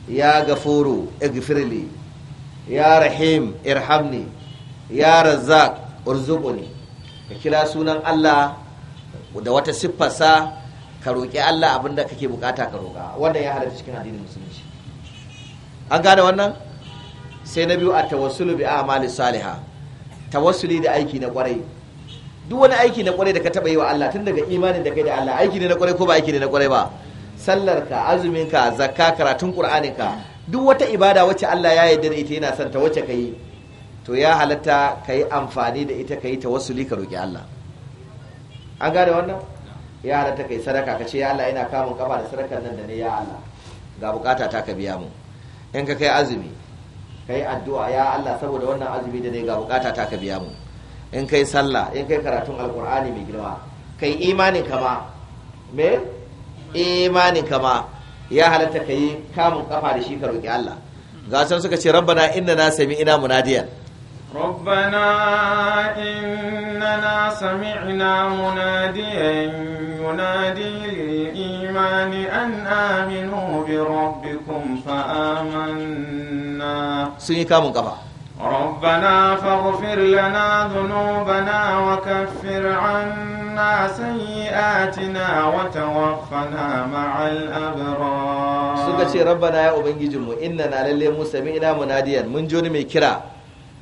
ya gafuru igfirli ya rahim irhamni ya razzaq urzuqni ka kira sunan Allah da wata siffarsa ka roƙi Allah abinda kake bukata ka roƙa wannan ya halatta cikin addinin musulunci an gane wannan sai na biyu a tawassulu bi a'mali salihah tawassuli da aiki na kwarai duk wani aiki na kwarai da ka taba yi wa Allah tun daga imanin da kai da Allah aiki ne na kwarai ko ba aiki ne na kwarai ba sallarka azuminka zakka karatun qur'aninka duk wata ibada wacce Allah ya yarda da ita yana son ta wacce kai to ya halatta kai amfani da ita kai tawassuli ka roki Allah an gane wannan ya halatta kai sadaka ka ce ya Allah ina kamun kafa da sadakar nan da ne ya Allah ga bukata ta ka biya mu in ka kai azumi kai addu'a ya Allah saboda wannan azumi da ne ga bukata ta ka biya mu in kai sallah in kai karatun alqur'ani mai girma kai imanin ka ma me imanin ka ya halatta ka yi kamun ƙafa da shi ka roƙi Allah Gasar suka ce rabbana inna na sami ina munadiyan rabbana inna na sami ina munadiyan yunadi imani an aminu bi rabbikum fa amanna sun yi kamun ƙafa. ربنا فاغفر لنا ذنوبنا وكفر عنا سيئاتنا وتوفنا مع الأبرار suka ce rabbana ya ubangijinmu inna na lalle mu sami'na munadiyan mun ji mai kira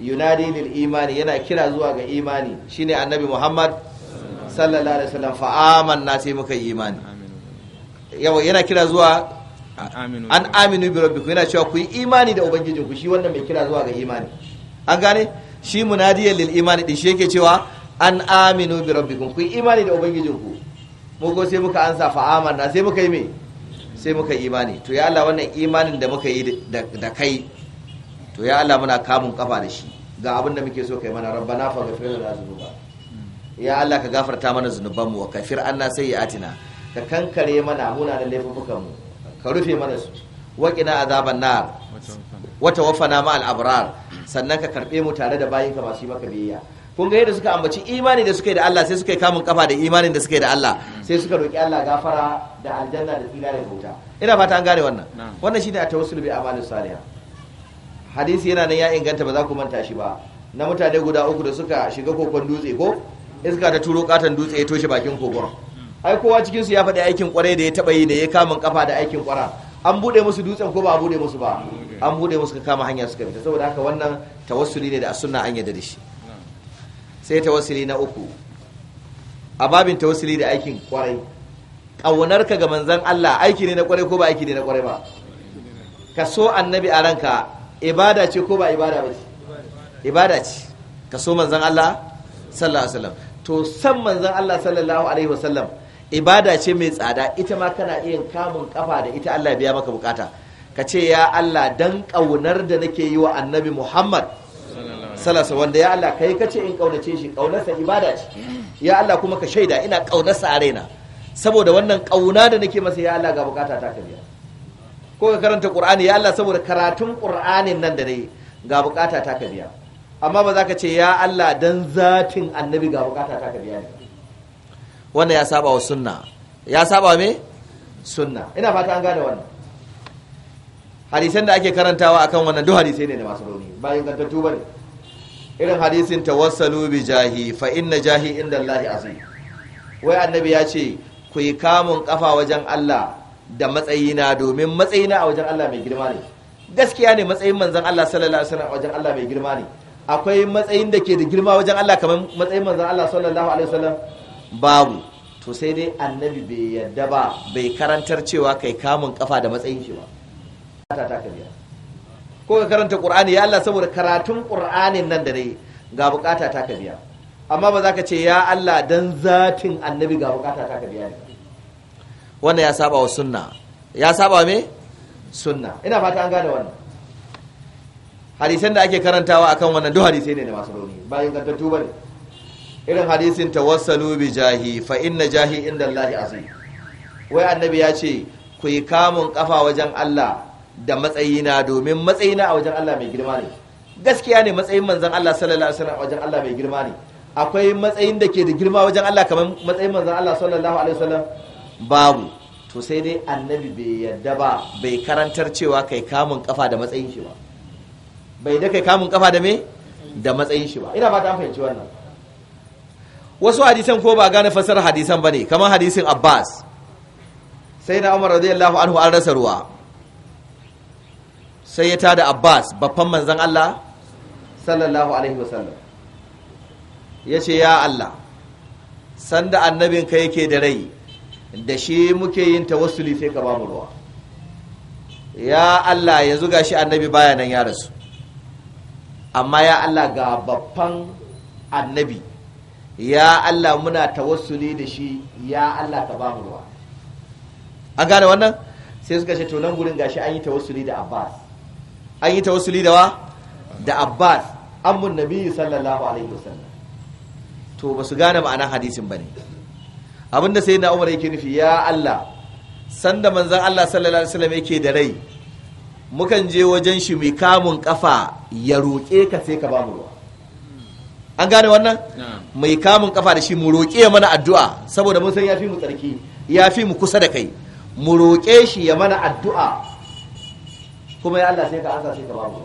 yunadi imani yana kira zuwa ga imani shine annabi muhammad sallallahu alaihi wasallam sai muka imani yawa yana kira zuwa an aminu bi rabbikum yana cewa ku yi imani da ubangijinku shi wannan mai kira zuwa ga imani an gane shi munadiyar lil imani din shi yake cewa an aminu bi rabbikum ku imani da ubangijinku mu go sai muka ansa fa amanna sai muka yi me sai muka imani to ya Allah wannan imanin da muka yi da kai to ya Allah muna kamun kafa da shi ga abin da muke so kai mana rabbana faghfir lana dhunuba ya Allah ka gafarta mana mu. wa kafir anna sayyi'atina ka kankare mana munanan laifukan mu ka rufe mana su waqina azaban nar wata wafana ma al abrar sannan ka karɓe mu tare da bayinka masu yi maka biyayya kun ga yadda suka ambaci imani da suka yi da Allah sai suka yi kamun kafa da imanin da suka yi da Allah sai suka roki Allah gafara da aljanna da tsira da bauta ina fata an gane wannan wannan shine a tawassul bi amalin salihah hadisi yana nan ya inganta ba za ku manta shi ba na mutane guda uku da suka shiga kokon dutse ko iska ta turo katon dutse ya toshe bakin kokon ai kowa cikin su ya faɗi aikin kwarai da ya taba yi da ya kamun kafa da aikin kwara an bude musu dutsen ko ba a bude musu ba an bude musu kama hanya suka fita saboda haka wannan tawassuli ne da a sunna an yadda da shi sai tawassuli na uku a babin tawassuli da aikin kwarai ka ga manzan Allah aiki ne na kwarai ko ba aiki ne na kwarai ba ka so annabi a ranka ibada ce ko ba ibada ba ibada ce ka so manzan Allah sallallahu alaihi wasallam to san manzan Allah sallallahu alaihi wasallam ibada ce mai tsada ita ma kana iya kamun kafa da ita Allah biya maka bukata ka ce ya Allah dan ƙaunar da nake yi wa annabi Muhammad salasa wanda ya Allah kai kace in kaunace shi kaunarsa ibada ce ya Allah kuma ka shaida ina kaunarsa a raina saboda wannan kauna da nake masa ya Allah ga bukata ta kariya ko ka karanta Qur'ani ya Allah saboda karatun Qur'anin nan da nayi ga bukata ta kariya amma ba za ka ce ya Allah dan zatin annabi ga bukata ta kabiya wannan ya saba wa sunna ya saba me sunna ina fata an gane wannan hadisan da ake karantawa akan wannan duk hadisai ne da masu rauni ba ingantattu bane irin hadisin tawassalu bi jahi fa inna jahi inda Allah azim wai annabi ya ce ku yi kamun kafa wajen Allah da matsayina domin matsayina a wajen Allah mai girma ne gaskiya ne matsayin manzon Allah sallallahu alaihi wasallam a wajen Allah mai girma ne akwai matsayin da ke da girma wajen Allah kamar matsayin manzon Allah sallallahu alaihi wasallam babu to sai dai annabi bai yadda ba bai karantar cewa kai kamun kafa da matsayin shi ba Allah ta kariya ko ka karanta qur'ani ya Allah saboda karatun qur'anin nan da dai ga bukata ta kariya amma ba za ka ce ya Allah dan zatin annabi ga bukata ta kariya wannan ya saba wa sunna ya saba me sunna ina fata an gane wannan hadisan da ake karantawa akan wannan duk hadisai ne ne masu rauni bayan gantattu bane irin hadisin tawassalu bi jahi fa inna jahi inda Allah azim wai annabi ya ce ku yi kamun kafa wajen Allah da matsayina domin matsayina a wajen Allah mai girma ne gaskiya ne matsayin manzon Allah sallallahu alaihi wasallam a wajen Allah mai girma ne akwai matsayin da ke da girma wajen Allah kamar matsayin manzon Allah sallallahu alaihi wasallam babu to sai dai annabi bai yadda ba bai karantar cewa kai kamun kafa da matsayin shi ba bai da kai kamun kafa da me da matsayin shi ba ina ba ta fahimci wannan wasu hadisan ko ba gane fasar hadisan bane kamar hadisin Abbas sai da Umar radiyallahu anhu an rasa ruwa sai ya tada abbas babban manzan allah sallallahu alaihi wasallam ya ce ya allah sanda annabin ka yake da rai da shi muke yin tawassuli sai ka ba mu ruwa ya allah yanzu zuga shi annabi baya nan ya rasu amma ya allah ga babban annabi ya allah muna tawassuli da shi ya allah ka ba mu ruwa an gane wannan sai suka ce to nan gurin gashi an yi tawassuli da abbas an yi ta da wa da abbas amun nabi sallallahu alaihi wasallam to ba su gane ma'anar hadisin ba ne abinda sai na umar yake nufi ya allah sanda manzan allah sallallahu alaihi wasallam yake da rai mukan je wajen shi mai kamun kafa ya roƙe ka sai ka ba mu ruwa an gane wannan mai kamun kafa da shi mu roƙe mana addu'a saboda mun san ya fi mu tsarki ya fi mu kusa da kai mu roƙe shi ya mana addu'a kuma ya Allah sai ka ansa sai ka ba mu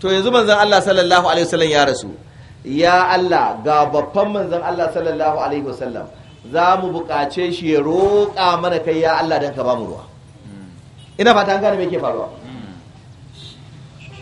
to yanzu manzon Allah sallallahu alaihi wasallam ya rasu ya Allah ga babban manzon Allah sallallahu alaihi wasallam za mu buƙace shi ya roƙa mana kai ya Allah dan ka ba mu ruwa ina fata an gane me ke faruwa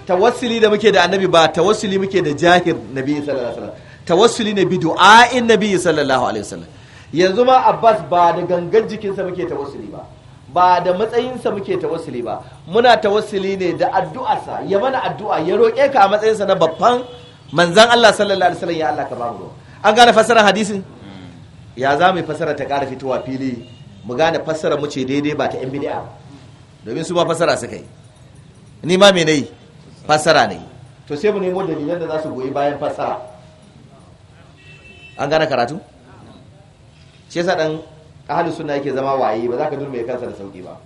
tawassuli da muke da annabi ba tawassuli muke da jahir nabi sallallahu alaihi wasallam tawassuli ne bi du'a'in nabi sallallahu alaihi wasallam yanzu ma Abbas ba da gangan jikinsa muke tawassuli ba ba da matsayinsa muke tawassuli ba muna tawassuli ne da addu'arsa ya mana addu'a ya roƙe ka a matsayinsa na babban manzan Allah sallallahu alaihi wasallam ya Allah ka bamu an gane fasarar hadisin ya za mu fasara ta ƙara fitowa fili mu gane fasara mu ce daidai ba ta yan bid'a domin su ba fasara suka yi ni ma me nayi fasara ne to sai mu nemo dalilan da za su goyi bayan fasara an gane karatu shi yasa dan Ahli sunna yake zama waye ba za ka durme kansa da sauki ba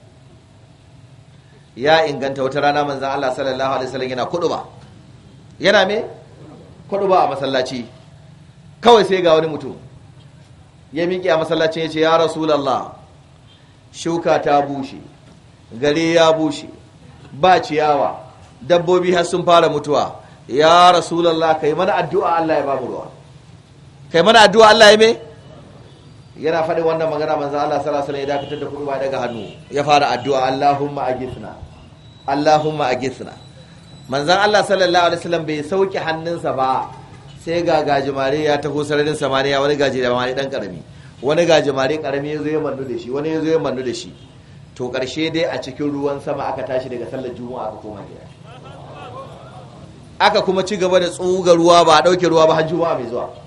ya inganta wata rana manzan Allah sallallahu alaihi wasallam yana kudu ba yana me kudu ba a masallaci kawai sai ga wani mutum ya miƙe a masallacin ya ce ya rasulallah shuka ta bushe gare ya bushe ba ciyawa dabbobi har sun fara mutuwa ya rasulallah kai mana addu'a Allah ya ba mu ruwa kai mana addu'a Allah ya me yana faɗin wannan magana manzan Allah sara alaihi ya dakatar da kurba daga hannu ya fara addu'a Allahumma gisna Allahumma gisna Manzan Allah sallallahu alaihi wasallam bai sauki hannunsa ba sai ga gajimare ya taho sararin samaniya wani gajimare dan karami wani gajimare karami zo ya mannu da shi wani ya zo ya mannu da shi to karshe dai a cikin ruwan sama aka tashi daga sallar juma'a aka koma gida aka kuma ci gaba da tsuga ruwa ba a ɗauke ruwa ba har juma'a mai zuwa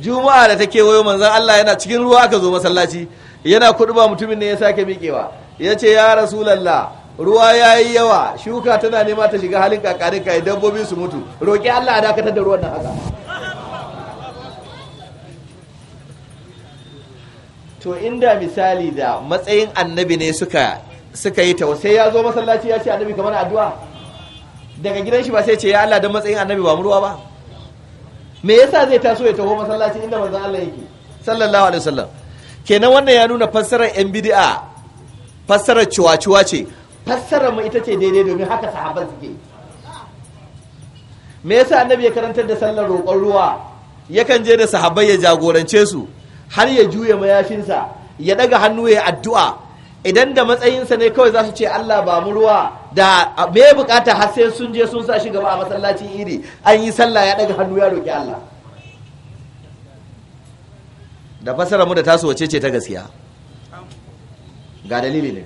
juma'a da ta kewayo manzan Allah yana cikin ruwa aka zo masallaci yana kuduba mutumin ne ya sake miƙewa ya ce ya rasulallah ruwa ya yi yawa shuka tana nema ta shiga halin kakarin kai dabbobi su mutu roƙi Allah a dakatar da ruwan nan haka to inda misali da matsayin annabi ne suka suka yi ta sai ya zo masallaci ya ce annabi kamar addu'a daga gidan shi ba sai ce ya Allah dan matsayin annabi ba mu ruwa ba me yasa zai taso ya taho masallaci inda manzon Allah yake sallallahu alaihi wasallam kenan wannan ya nuna fassarar yan bid'a fassarar ciwaciwa ce fassarar mu ita ce daidai domin haka sahabban suke me yasa annabi ya karantar da sallar roƙon ruwa yakan je da sahabbai ya jagorance su har ya juya mayashinsa ya daga hannu ya addu'a idan da matsayinsa ne kawai za su ce Allah ba mu ruwa da me bukata har sai sun je sun sa shi gaba a masallacin iri an yi sallah ya daga hannu ya roki Allah da fasara mu da taso wace ce ta gaskiya ga dalili ne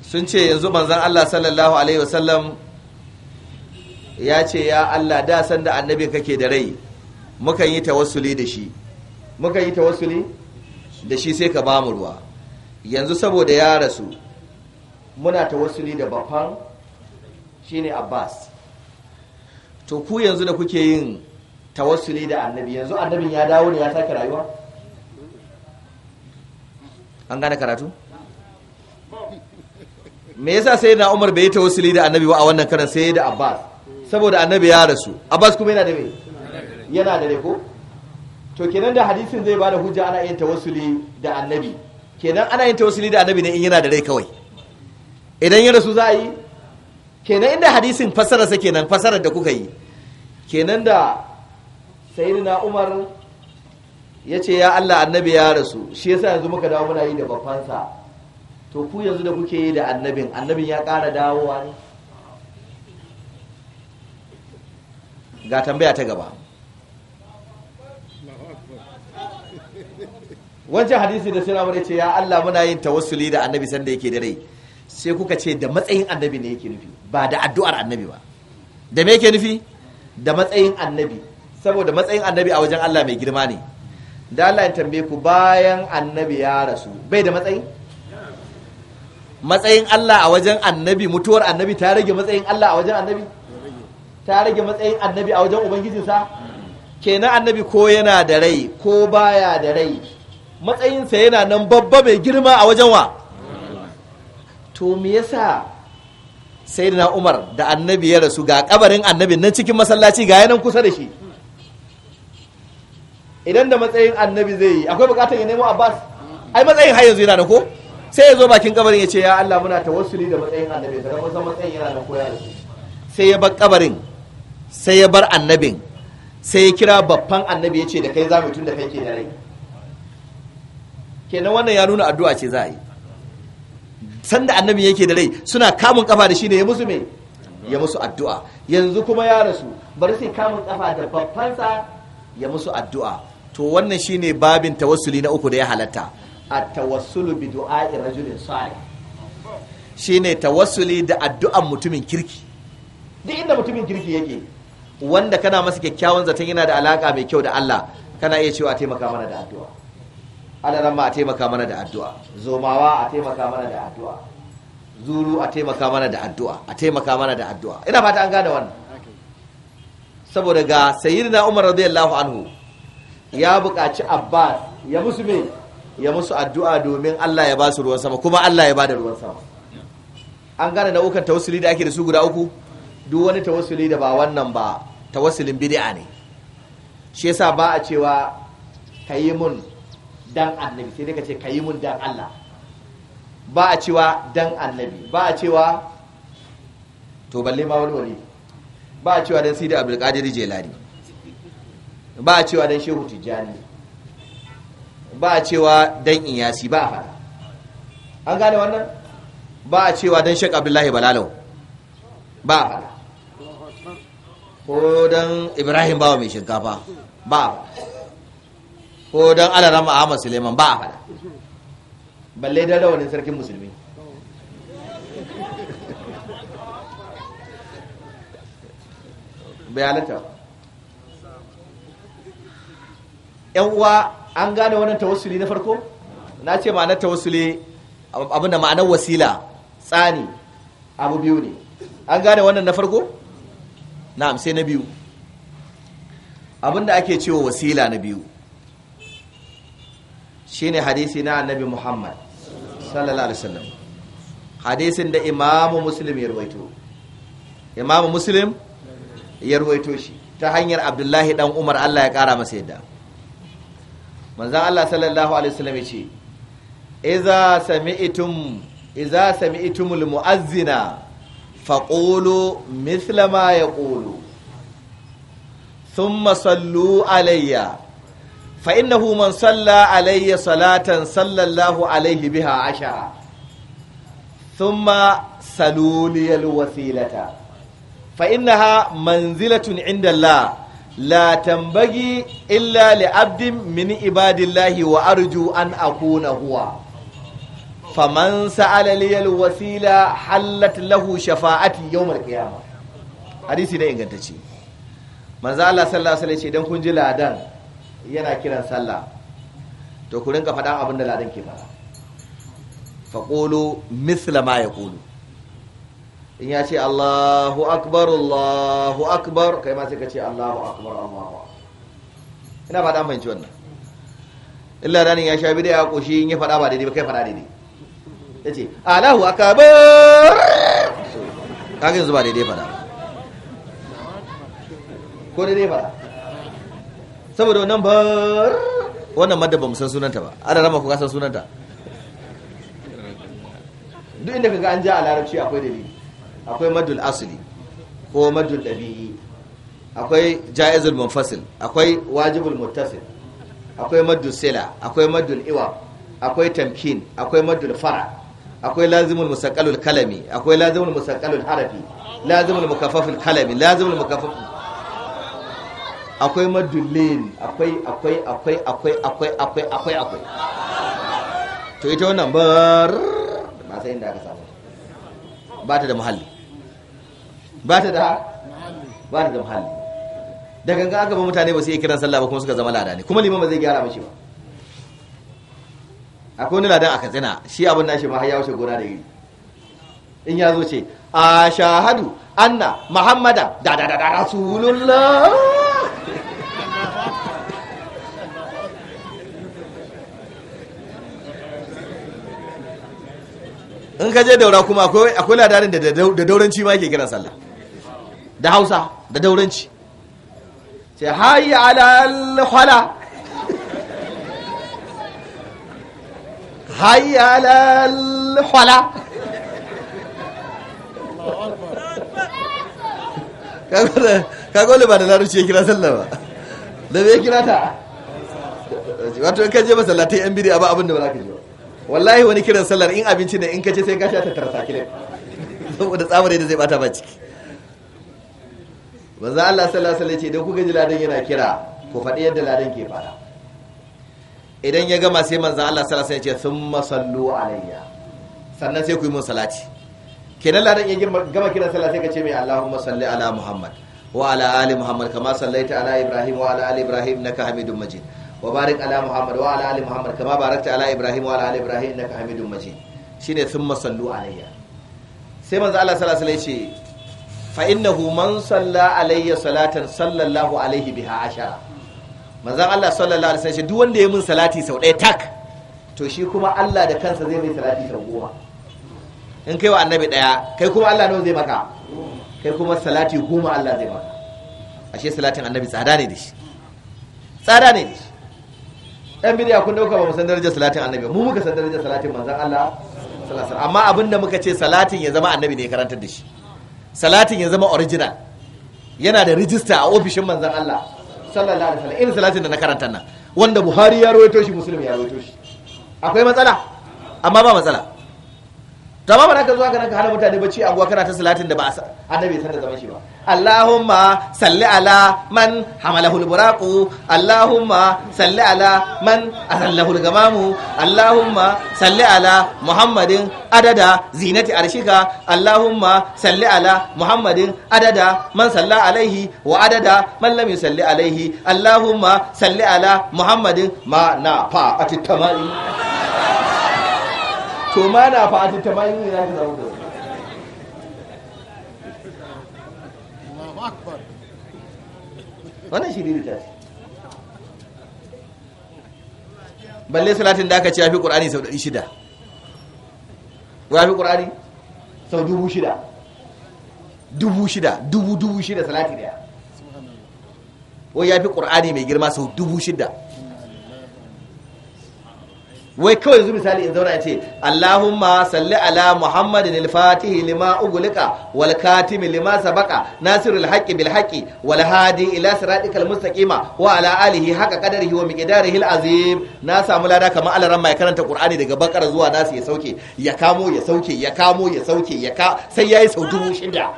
sun ce yanzu manzon Allah sallallahu alaihi wasallam ya ce ya Allah da sanda annabi kake da rai mukan yi tawassuli da shi mukan yi tawassuli da shi sai ka ba mu ruwa yanzu saboda ya rasu muna ta wasuli da babban shine abbas to ku yanzu da kuke yin tawassuli da annabi yanzu annabin ya dawo ne ya sake rayuwa an gane karatu me yasa sai na umar bai yi tawassuli da annabi ba a wannan karan sai da abbas saboda annabi ya rasu abbas kuma yana da me yana da ne ko to kenan da hadisin zai bada hujja ana yin tawassuli da annabi kenan ana yin tawassuli da annabi ne in yana da rai kawai idan ya rasu za a yi kenan inda hadisin sa kenan fassarar da kuka yi kenan da sayyidina umar ya ce ya allah annabi ya rasu shi yasa yanzu muka dawo muna yi da sa to ku yanzu da kuke yi da annabin annabin ya ƙara dawowa ne ga tambaya ta gaba wancan hadisi da suna wani ce ya Allah muna yin tawassuli da annabi sanda yake da rai sai kuka ce da matsayin annabi ne yake nufi ba da addu'ar annabi ba da me yake nufi da matsayin annabi saboda matsayin annabi a wajen Allah mai girma ne da Allah ya tambaye ku bayan annabi ya rasu bai da matsayi matsayin Allah a wajen annabi mutuwar annabi ta rage matsayin Allah a wajen annabi ta rage matsayin annabi a wajen ubangijinsa kenan annabi ko yana da rai ko baya da rai matsayinsa yana nan babba mai girma a wajen wa to me yasa sai na umar da annabi ya rasu ga kabarin annabi nan cikin masallaci ga yanan kusa da shi idan da matsayin annabi zai yi akwai bukatar ya nemo abbas ai matsayin har yanzu yana da ko sai ya zo bakin kabarin ya ce ya allah muna tawassuli da matsayin annabi da kuma matsayin yana da ya rasu sai ya bar kabarin sai ya bar annabin sai ya kira babban annabi ya ce da kai za mu tun da kai ke da rai kenan wannan ya nuna addu'a ce za a yi sanda annabi yake da rai suna kamun kafa da shi ne ya musu me ya musu addu'a yanzu kuma ya rasu bari sai kamun kafa da babbansa ya musu addu'a to wannan shine babin tawassuli na uku da ya halatta at tawassulu bi du'a'i rajulin salih shine tawassuli da addu'an mutumin kirki duk inda mutumin kirki yake wanda kana masa kyakkyawan zaton yana da alaka mai kyau da Allah kana iya cewa taimaka mana da addu'a alaran ma a taimaka mana da addu'a zomawa a taimaka mana da addu'a zuru a taimaka mana da addu'a a taimaka mana da addu'a ina fata an gane wannan saboda ga sayyidina Umar radiyallahu anhu ya buƙaci Abbas ya musu me ya musu addu'a domin Allah ya ba su ruwan sama kuma Allah ya ba da ruwan sama an gane nau'ukan tawassuli da ake da su guda uku duk wani tawassuli da ba wannan ba tawassulin bid'a ne shi yasa ba a cewa ka yi mun dan annabi sai dai ka ce ka yi mun dan Allah ba a cewa dan annabi ba a cewa to balle ma wani wani. ba a cewa dan sidi abdulkadir jelani ba a cewa dan shehu tijjani ba a cewa dan iyasi ba a fara an gane wannan ba a cewa dan shek abdullahi balalau ba a fara ko dan ibrahim bawa mai shinkafa ba a fara ko don a ahmad suleiman ba a fada balle don rawanin sarkin musulmi bayanata yan uwa an gane wannan tawassuli na farko na ce ma'anar tawassuli abin da ma'anar wasila tsani abu biyu ne an gane wannan na farko na amsai na biyu abinda ake cewa wasila na biyu shine hadisi na annabi Muhammad sallallahu alaihi wasallam hadisin da imam muslim ya rawaito imam muslim ya rawaito shi ta hanyar abdullahi dan umar Allah ya kara masa yadda manzon Allah sallallahu alaihi wasallam ya ce idza sami'tum idza sami'tumul mu'azzina faqulu mithla ma yaqulu thumma sallu alayya fa innahu man salla alayya salatan sallallahu alaihi biha ashara thumma saluliyal wasilata fa innaha manzilatun inda Allah la tambagi illa li abdin min ibadillahi wa arju an akuna huwa faman sa'ala liyal wasila hallat lahu shafa'ati yawmal qiyamah hadisi ne ingantacce manzo Allah sallallahu alaihi wasallam ce dan kun ji ladan yana kiran sallah to ku rinka faɗan abin da ladan ke faɗa faƙolo misla ma ya ƙolo in ya ce allahu akbar allahu akbar kai ma sai ka ce allahu akbar allahu ina faɗa an fahimci wannan illa da ya sha bidaya koshi in ya faɗa ba daidai ba kai faɗa daidai ya ce allahu akbar kaga yanzu ba daidai faɗa ko daidai faɗa saboda wannan ba wannan madda ba mu san sunanta ba ana rama ku san sunanta duk inda kaga an ja a larabci akwai dalili akwai madul asli ko madul dabi'i akwai jaizul munfasil akwai wajibul muttasil akwai madul sila akwai madul iwa akwai tamkin akwai madul fara akwai lazimul musaqqalul kalami akwai lazimul musaqqalul harfi lazimul mukaffafil kalami lazimul mukaffafil akwai madullin akwai akwai akwai akwai akwai akwai akwai akwai to ita wannan bar ba sai inda aka samu ba ta da muhalli ba ta da ba ta da muhalli da ganga aka ba mutane ba su yi kiran sallah ba kuma suka zama lada ne kuma liman ba zai gyara mashi ba akwai wani ladan a katsina shi abin nashi ma har ya wuce gona da yi in ya zo ce a shahadu anna muhammada da da da rasulullah in ka je daura kuma akwai ladarin da dauranci ma ke kiran sallah da hausa da dauranci sai hayi ala khala hayi ala khala gole ba da larabci ya kira sallah ba da bai kira ta wato in ka je masallatai yan bidi ba abin da ba za ka je wallahi wani kiran sallar in abinci ne in ka ce sai ka sha ta tarasa kile saboda tsamare da zai bata ba ciki manzo Allah sallallahu alaihi ce idan kuka ji ladan yana kira ku faɗi yadda ladan ke fara idan ya gama sai manzo Allah sallallahu alaihi ce thumma sallu alayya sannan sai ku yi mun salati kenan ladan ya gama kiran sallah sai ka ce mai Allahumma salli ala Muhammad wa ala ali Muhammad kama sallaita ala Ibrahim wa ala ali Ibrahim innaka Hamidum Majid Wa وبارك على محمد Ali ال kama كما باركت على ابراهيم وعلى Ali Ibrahim انك حميد مجيد shine thumma sallu alayya sai manzo Allah sallallahu alaihi wasallam ya ce fa innahu man salla alayya salatan sallallahu alaihi biha ashara manzo Allah sallallahu alaihi wasallam duk wanda ya min salati sau ɗaya tak to shi kuma Allah da kansa zai mai salati sau goma in kai wa annabi ɗaya kai kuma Allah nawa zai maka kai kuma salati goma Allah zai maka ashe salatin annabi tsada ne da tsada ne da yan bidiya kun dauka ba mu san darajar salatin annabi mu muka san darajar salatin manzon Allah sallallahu amma abin da muka ce salatin ya zama annabi ne ya karantar da shi salatin ya zama original yana da rijista a ofishin manzon Allah sallallahu alaihi wasallam irin salatin da na karanta nan wanda Buhari ya rawaito shi Muslim ya rawaito shi akwai matsala amma ba matsala ta ba ba ka zo ka hana mutane bacci a guwa kana ta salatin da ba annabi ya san da zaman shi ba Allahumma salli ala man hamalahul buraqu Allahumma salli ala man azallahul gamamu Allahumma salli ala Muhammadin adada zinati arshika Allahumma salli ala Muhammadin adada man salla alaihi wa adada man lam yusalli alaihi Allahumma salli ala Muhammadin ma na fa atitamai to ma na fa atitamai ne ya ta zauna akbar balle salatin da aka ya fi ƙur'ani sau ya fi ƙur'ani sau dubu dubu dubu dubu shida salati daya wai ya fi ƙur'ani mai girma sau dubu wai kawai yanzu misali in zauna ya ce Allahumma salli ala Muhammadin al lima ugulika wal katimi lima sabaqa nasirul haqqi bil haqqi wal hadi ila siratikal mustaqima wa ala alihi haka qadarihi wa miqdarihi al na samu lada kamar alaran mai karanta Qur'ani daga bakara zuwa nasu ya sauke ya kamo ya sauke ya kamo ya sauke ya ka sai yayi sau dubu shida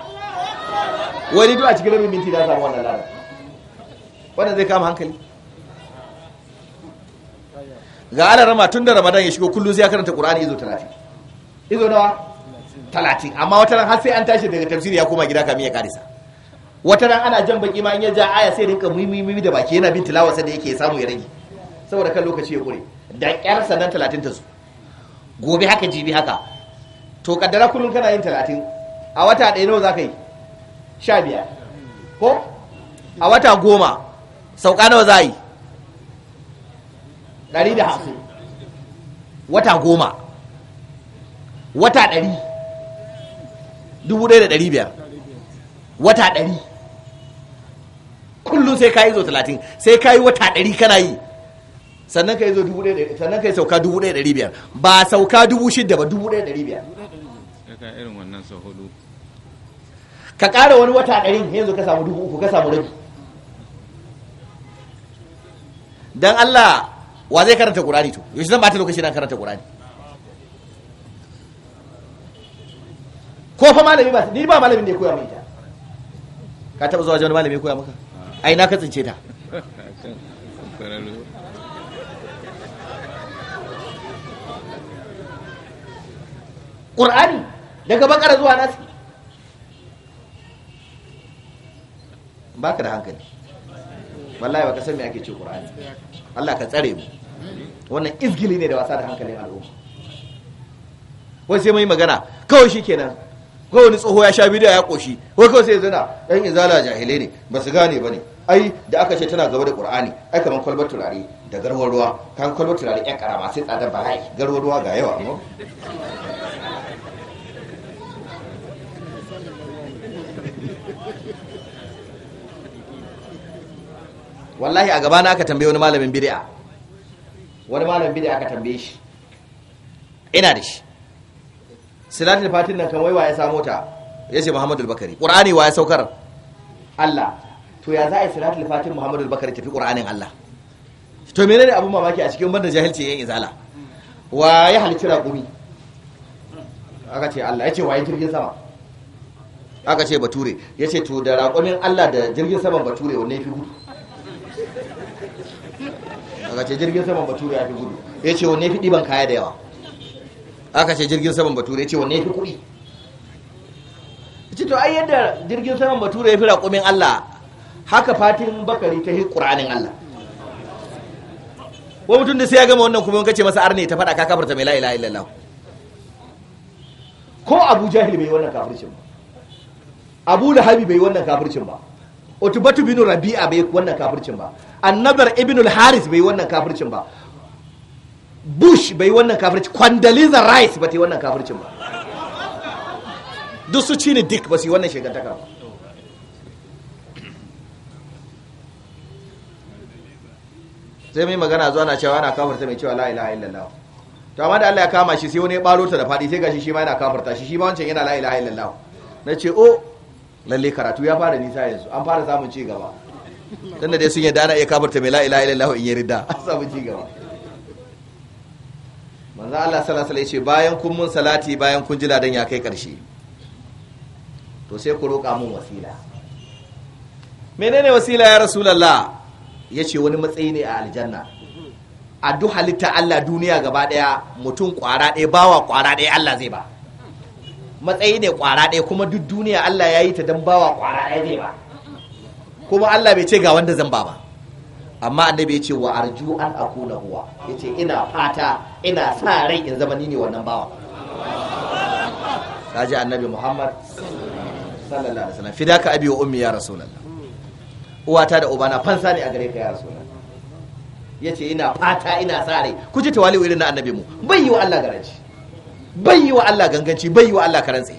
wani duk a cikin rabin minti na samu wannan lada wannan zai kama hankali ga ala rama tun da ramadan ya shigo kullum sai ya karanta ƙura'ani izo talatin. izo nawa Talatin amma wata ran har sai an tashi daga tafsiri ya koma gida kamin ya karisa wata ran ana jan baki ma in ya ja aya sai rinka mimimi da baki yana bin tilawa sai da yake samu ya rage saboda kan lokaci ya kure da kyar sanan talatin ta su gobe haka jibi haka to kaddara kullum kana yin talatin a wata ɗaya nawa zaka yi Sha biyar. ko a wata goma sauka nawa za a yi ɗari da hasu wata goma wata ɗari dubu ɗaya da ɗari biyar wata ɗari kullum sai ka yi zo talatin sai ka yi wata ɗari kana yi sannan ka yi zo dubu ɗaya da sannan ka yi sauka dubu ɗaya da ɗari biyar ba sauka dubu shi daba dubu ɗaya da ɗari biyar ka irin wannan sau hudu ka ƙara wani wata ɗarin yanzu ka samu dubu uku ka samu rabi don Allah wa zai karanta qur'ani to shi zan bata lokaci na karanta qur'ani ko fa malami ba ni ba malamin da ya koya mai ita ka taba zuwa wani malami ya koya maka ai na ka tsince ta qur'ani daga bakara zuwa nasi ka da hankali wallahi baka san me ake ce ƙur'ani Allah ka tsare mu wannan izgili ne da wasa da hankalin al'umma wai sai mai magana kawai shi kenan ko wani tsoho ya sha bidiyo ya koshi ko kawai sai zina ɗan izala jahilai ne ba su gane ba ne ai da aka ce tana gaba da ƙur'ani ai kamar kwalbar turare da garwar ruwa kan kwalbar turare ɗan ƙarama sai tsadar ba hai garwar ruwa ga yawa amma wallahi a gabana aka tambaye wani malamin bid'a wani malam bid'a aka tambaye shi ina da shi salatul fatin nan kan wai waye samo ta yace muhammadu bakari qur'ani waye saukar Allah to ya za a yi fatin muhammadu bakari tafi qur'anin Allah to menene abun mamaki a cikin banda jahilci yayin izala wa ya halicci raƙumi aka ce Allah ya ce waye jirgin sama aka ce bature ya ce to da raƙumin Allah da jirgin sama bature wanne fi gudu aka ce jirgin saman bature ya fi gudu ya ce wane fi ɗiban kaya da yawa aka ce jirgin saman bature ya ce wane fi kuɗi to ai yadda jirgin saman bature ya fi raƙumin Allah haka fatin bakari ta yi ƙuranin Allah wani mutum da sai ya gama wannan kuma ce masa arne ta faɗa ka kafarta mai la'ila ilaha ko abu jahil bai wannan kafircin ba abu habi bai wannan kafircin ba utubatu bin rabi'a bai wannan kafircin ba annabar ibn al-haris bai wannan kafircin ba bush bai wannan kafircin kwandaliza rice ba ta yi wannan kafircin ba duk su ci ni dik ba su yi wannan shigantaka ba sai mai magana zuwa na cewa ana kafarta mai cewa la'ila ilaha illallah to amma da Allah ya kama shi sai wani ya baro ta da faɗi sai gashi shi ma yana kafarta shi shi ma wancan yana la'ila ilaha illallah na ce oh lalle karatu ya fara nisa yanzu an fara samun ci gaba tunda dai sun yadda ana iya kafarta mai la'ila lahu in rida an samu ci gaba manzan Allah salasala ya ce bayan kun mun salati bayan kun jila dan ya kai karshe to sai ku roƙa mun wasila menene wasila ya Ya ce wani matsayi ne a aljanna a duk halitta Allah duniya gaba daya mutum kwara ɗaya bawa kwara ɗaya Allah zai ba matsayi ne kwara ɗaya kuma duk duniya Allah ya yi ta don bawa kwara ɗaya ne ba kuma Allah bai ce ga wanda zan ba ba amma annabi ya ce wa arju an na huwa ya ce ina fata ina sa rai in zama ni ne wannan bawa ta ji annabi muhammad sallallahu alaihi wasallam fidaka abi wa ummi ya rasulallah. uwata da ubana fansa ne a gare ka ya rasulallah. ya ce ina fata ina sa rai ku ji tawali irin na annabi mu bai yi wa Allah garanci bai yi wa Allah ganganci bai yi wa Allah karantsi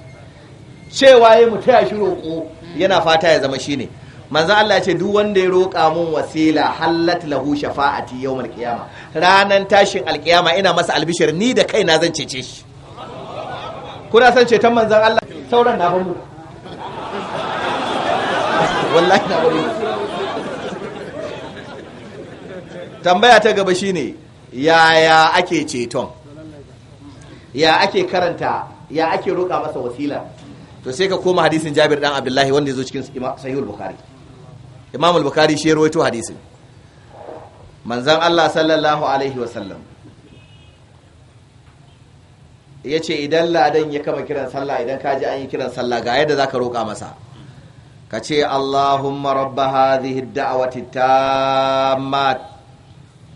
cewa ya mu taya shi roƙo yana fata ya zama shine manzo Allah ya ce duk wanda ya roƙa mun wasila hallat lahu shafa'ati yawmal qiyama ranan tashin alqiyama ina masa albishir ni da kaina zan cece shi kuna san ceton manzo Allah sauran na bamu wallahi na bamu tambaya ta gaba shine yaya ake ceton ya ake karanta ya ake roƙa masa wasila to sai ka koma hadisin Jabir dan Abdullahi wanda zo cikin Sahihul Bukhari Imam al-Bukhari shi rawaito hadisin manzon Allah sallallahu alaihi wasallam yace idan ladan ya kama kiran sallah idan ka ji an yi kiran sallah ga yadda zaka roƙa masa ka ce Allahumma rabba hadhihi ad-da'wati tammat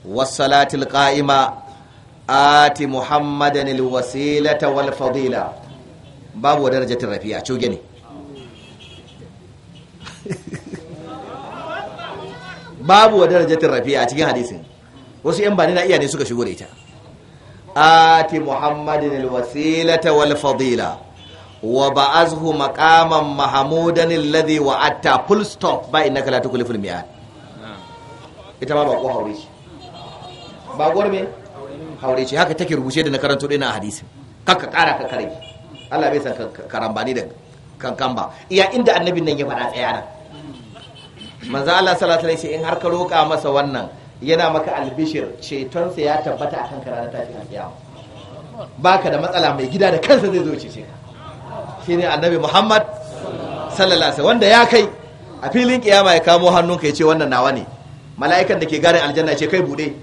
was-salati ati muhammadan alwasilata walfadila. Babu babu darajatin rafiya coge ne babu darajatin rafiya a cikin hadisin wasu yan bani na iya ne suka shigo da ita ati muhammadan alwasilata wal fadila wa ba'azhu maqaman mahmudan alladhi wa'atta full stop ba innaka la tukliful mi'ad ita ma ba ko hauri. ba gurbe haure ce haka take rubuce da na karanto ɗin na hadisi kanka ƙara ka kare Allah bai san karambani da kankan ba iya inda annabin nan ya fara tsaya nan manzo Allah sallallahu alaihi wasallam in har ka roƙa masa wannan yana maka albishir ceton sa ya tabbata akan karana tashin alƙiyama baka da matsala mai gida da kansa zai zo cece ka shine annabi Muhammad sallallahu alaihi wasallam wanda ya kai a filin kiyama ya kamo hannunka ya ce wannan nawa ne mala'ikan da ke garin aljanna ce kai bude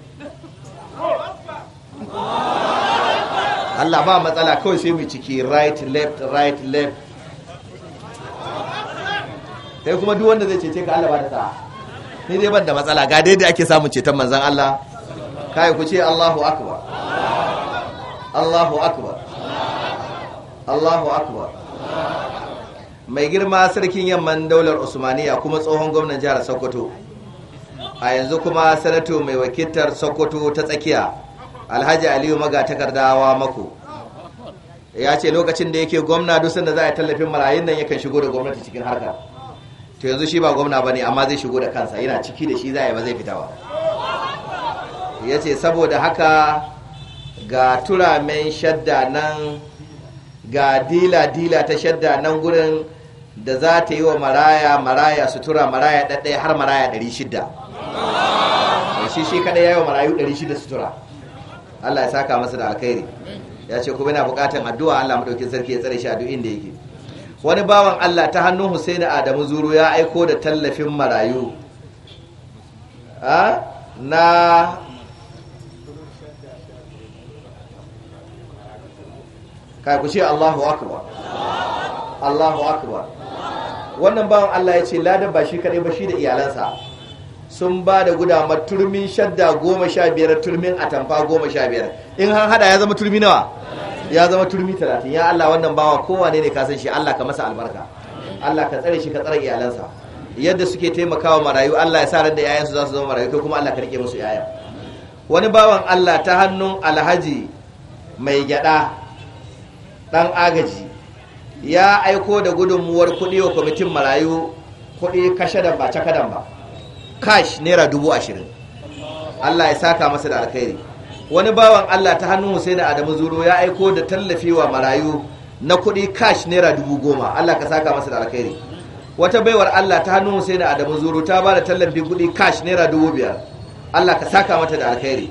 Allah ba matsala kawai sai mu ciki right left right left sai kuma duk wanda zai cece ka Allah ba da sa'a ni dai ban da matsala ga dai da ake samun ceton manzon Allah kai ku ce Allahu akbar Allahu akbar Allahu akbar mai girma sarkin yamman daular Usmaniya kuma tsohon gwamnan jihar Sokoto a yanzu kuma sanato mai wakiltar Sokoto ta tsakiya alhaji aliyu maga takardawa mako ya ce lokacin da yake gwamna dusan da za a tallafin marayun nan yakan shigo da gwamnati cikin harkar to yanzu shi ba gwamna ba ne amma zai shigo da kansa yana ciki da shi za a yi ba zai fitawa ya ce saboda haka ga turamen shadda nan ga dila-dila ta shadda nan gurin da za ta yi wa maraya maraya sutura maraya ɗaɗɗaya har maraya 600 shi shi kaɗai ya yi wa marayu 600 sutura Allah ya saka masa da alkhairi ya ce kuma yana bukatan addu'a Allah madaukin sarki ya tsare shi a duk inda yake wani bawan Allah ta hannun Husaini Adamu Zuru ya aiko da tallafin marayu na kai ku ce Allahu akbar Allahu akbar wannan bawan Allah ya ce ladan ba shi kadai ba shi da iyalansa sun ba da gudama turmin shadda goma sha biyar turmin atamfa goma sha biyar in an hada ya zama turmi nawa ya zama turmi talatin ya Allah wannan bawa kowane ne ka san shi Allah ka masa albarka Allah ka tsare shi ka tsare iyalansa yadda suke taimakawa marayu Allah ya sa ran da yayansu za su zama marayu kai kuma Allah ka rike musu yaya wani bawan Allah ta hannun Alhaji mai gyada dan agaji ya aiko da gudunmuwar kuɗi wa kwamitin marayu kuɗi kashe da ba cakadan ba cash naira dubu ashirin allah ya saka masa da alkhairi wani bawan allah ta hannun husaini adamu zuro ya aiko da tallafewa marayu na kuɗi cash naira dubu goma allah ka saka masa da alkhairi wata baiwar allah ta hannun husaini adamu zuro ta ba da tallafin kuɗi cash naira dubu biyar allah ka saka mata da alkhairi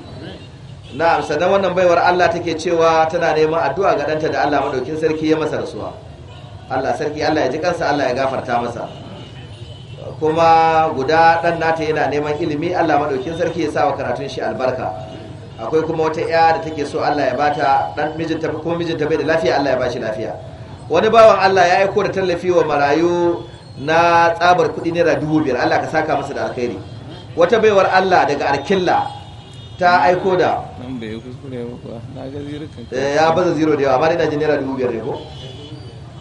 na'am sannan wannan baiwar allah take cewa tana neman addu'a ga danta da allah madaukin sarki ya masa rasuwa allah sarki allah ya ji kansa allah ya gafarta masa kuma guda ɗan nata yana neman ilimi Allah madaukin sarki ya sa wa karatun shi albarka akwai kuma wata iya da take so Allah ya bata ɗan mijinta kuma mijinta bai da lafiya Allah ya bashi lafiya wani bawan Allah ya aiko da tallafi wa marayu na tsabar kuɗi naira dubu biyar Allah ka saka masa da alkhairi wata baiwar Allah daga arkilla ta aiko da eh, ya baza zero da yawa amma ina jin naira dubu biyar ne ko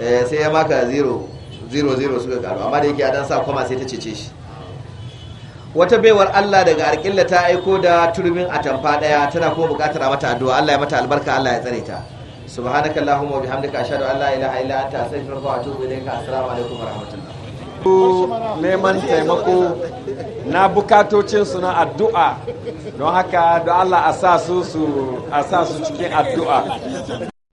eh, sai ya maka zero 00 suka karu amma da yake a dan sa kwama sai ta cece shi wata baiwar Allah daga arkilla ta aiko da turmin atamfa daya tana kuma bukatar a mata addu'a Allah ya mata albarka Allah ya tsare ta subhanaka allahumma wa bihamdika ashhadu an la ilaha illa anta astaghfiruka wa atubu ilayka assalamu alaikum wa rahmatullah neman taimako na bukatocin su na addu'a don haka don Allah a sa su a sa su cikin addu'a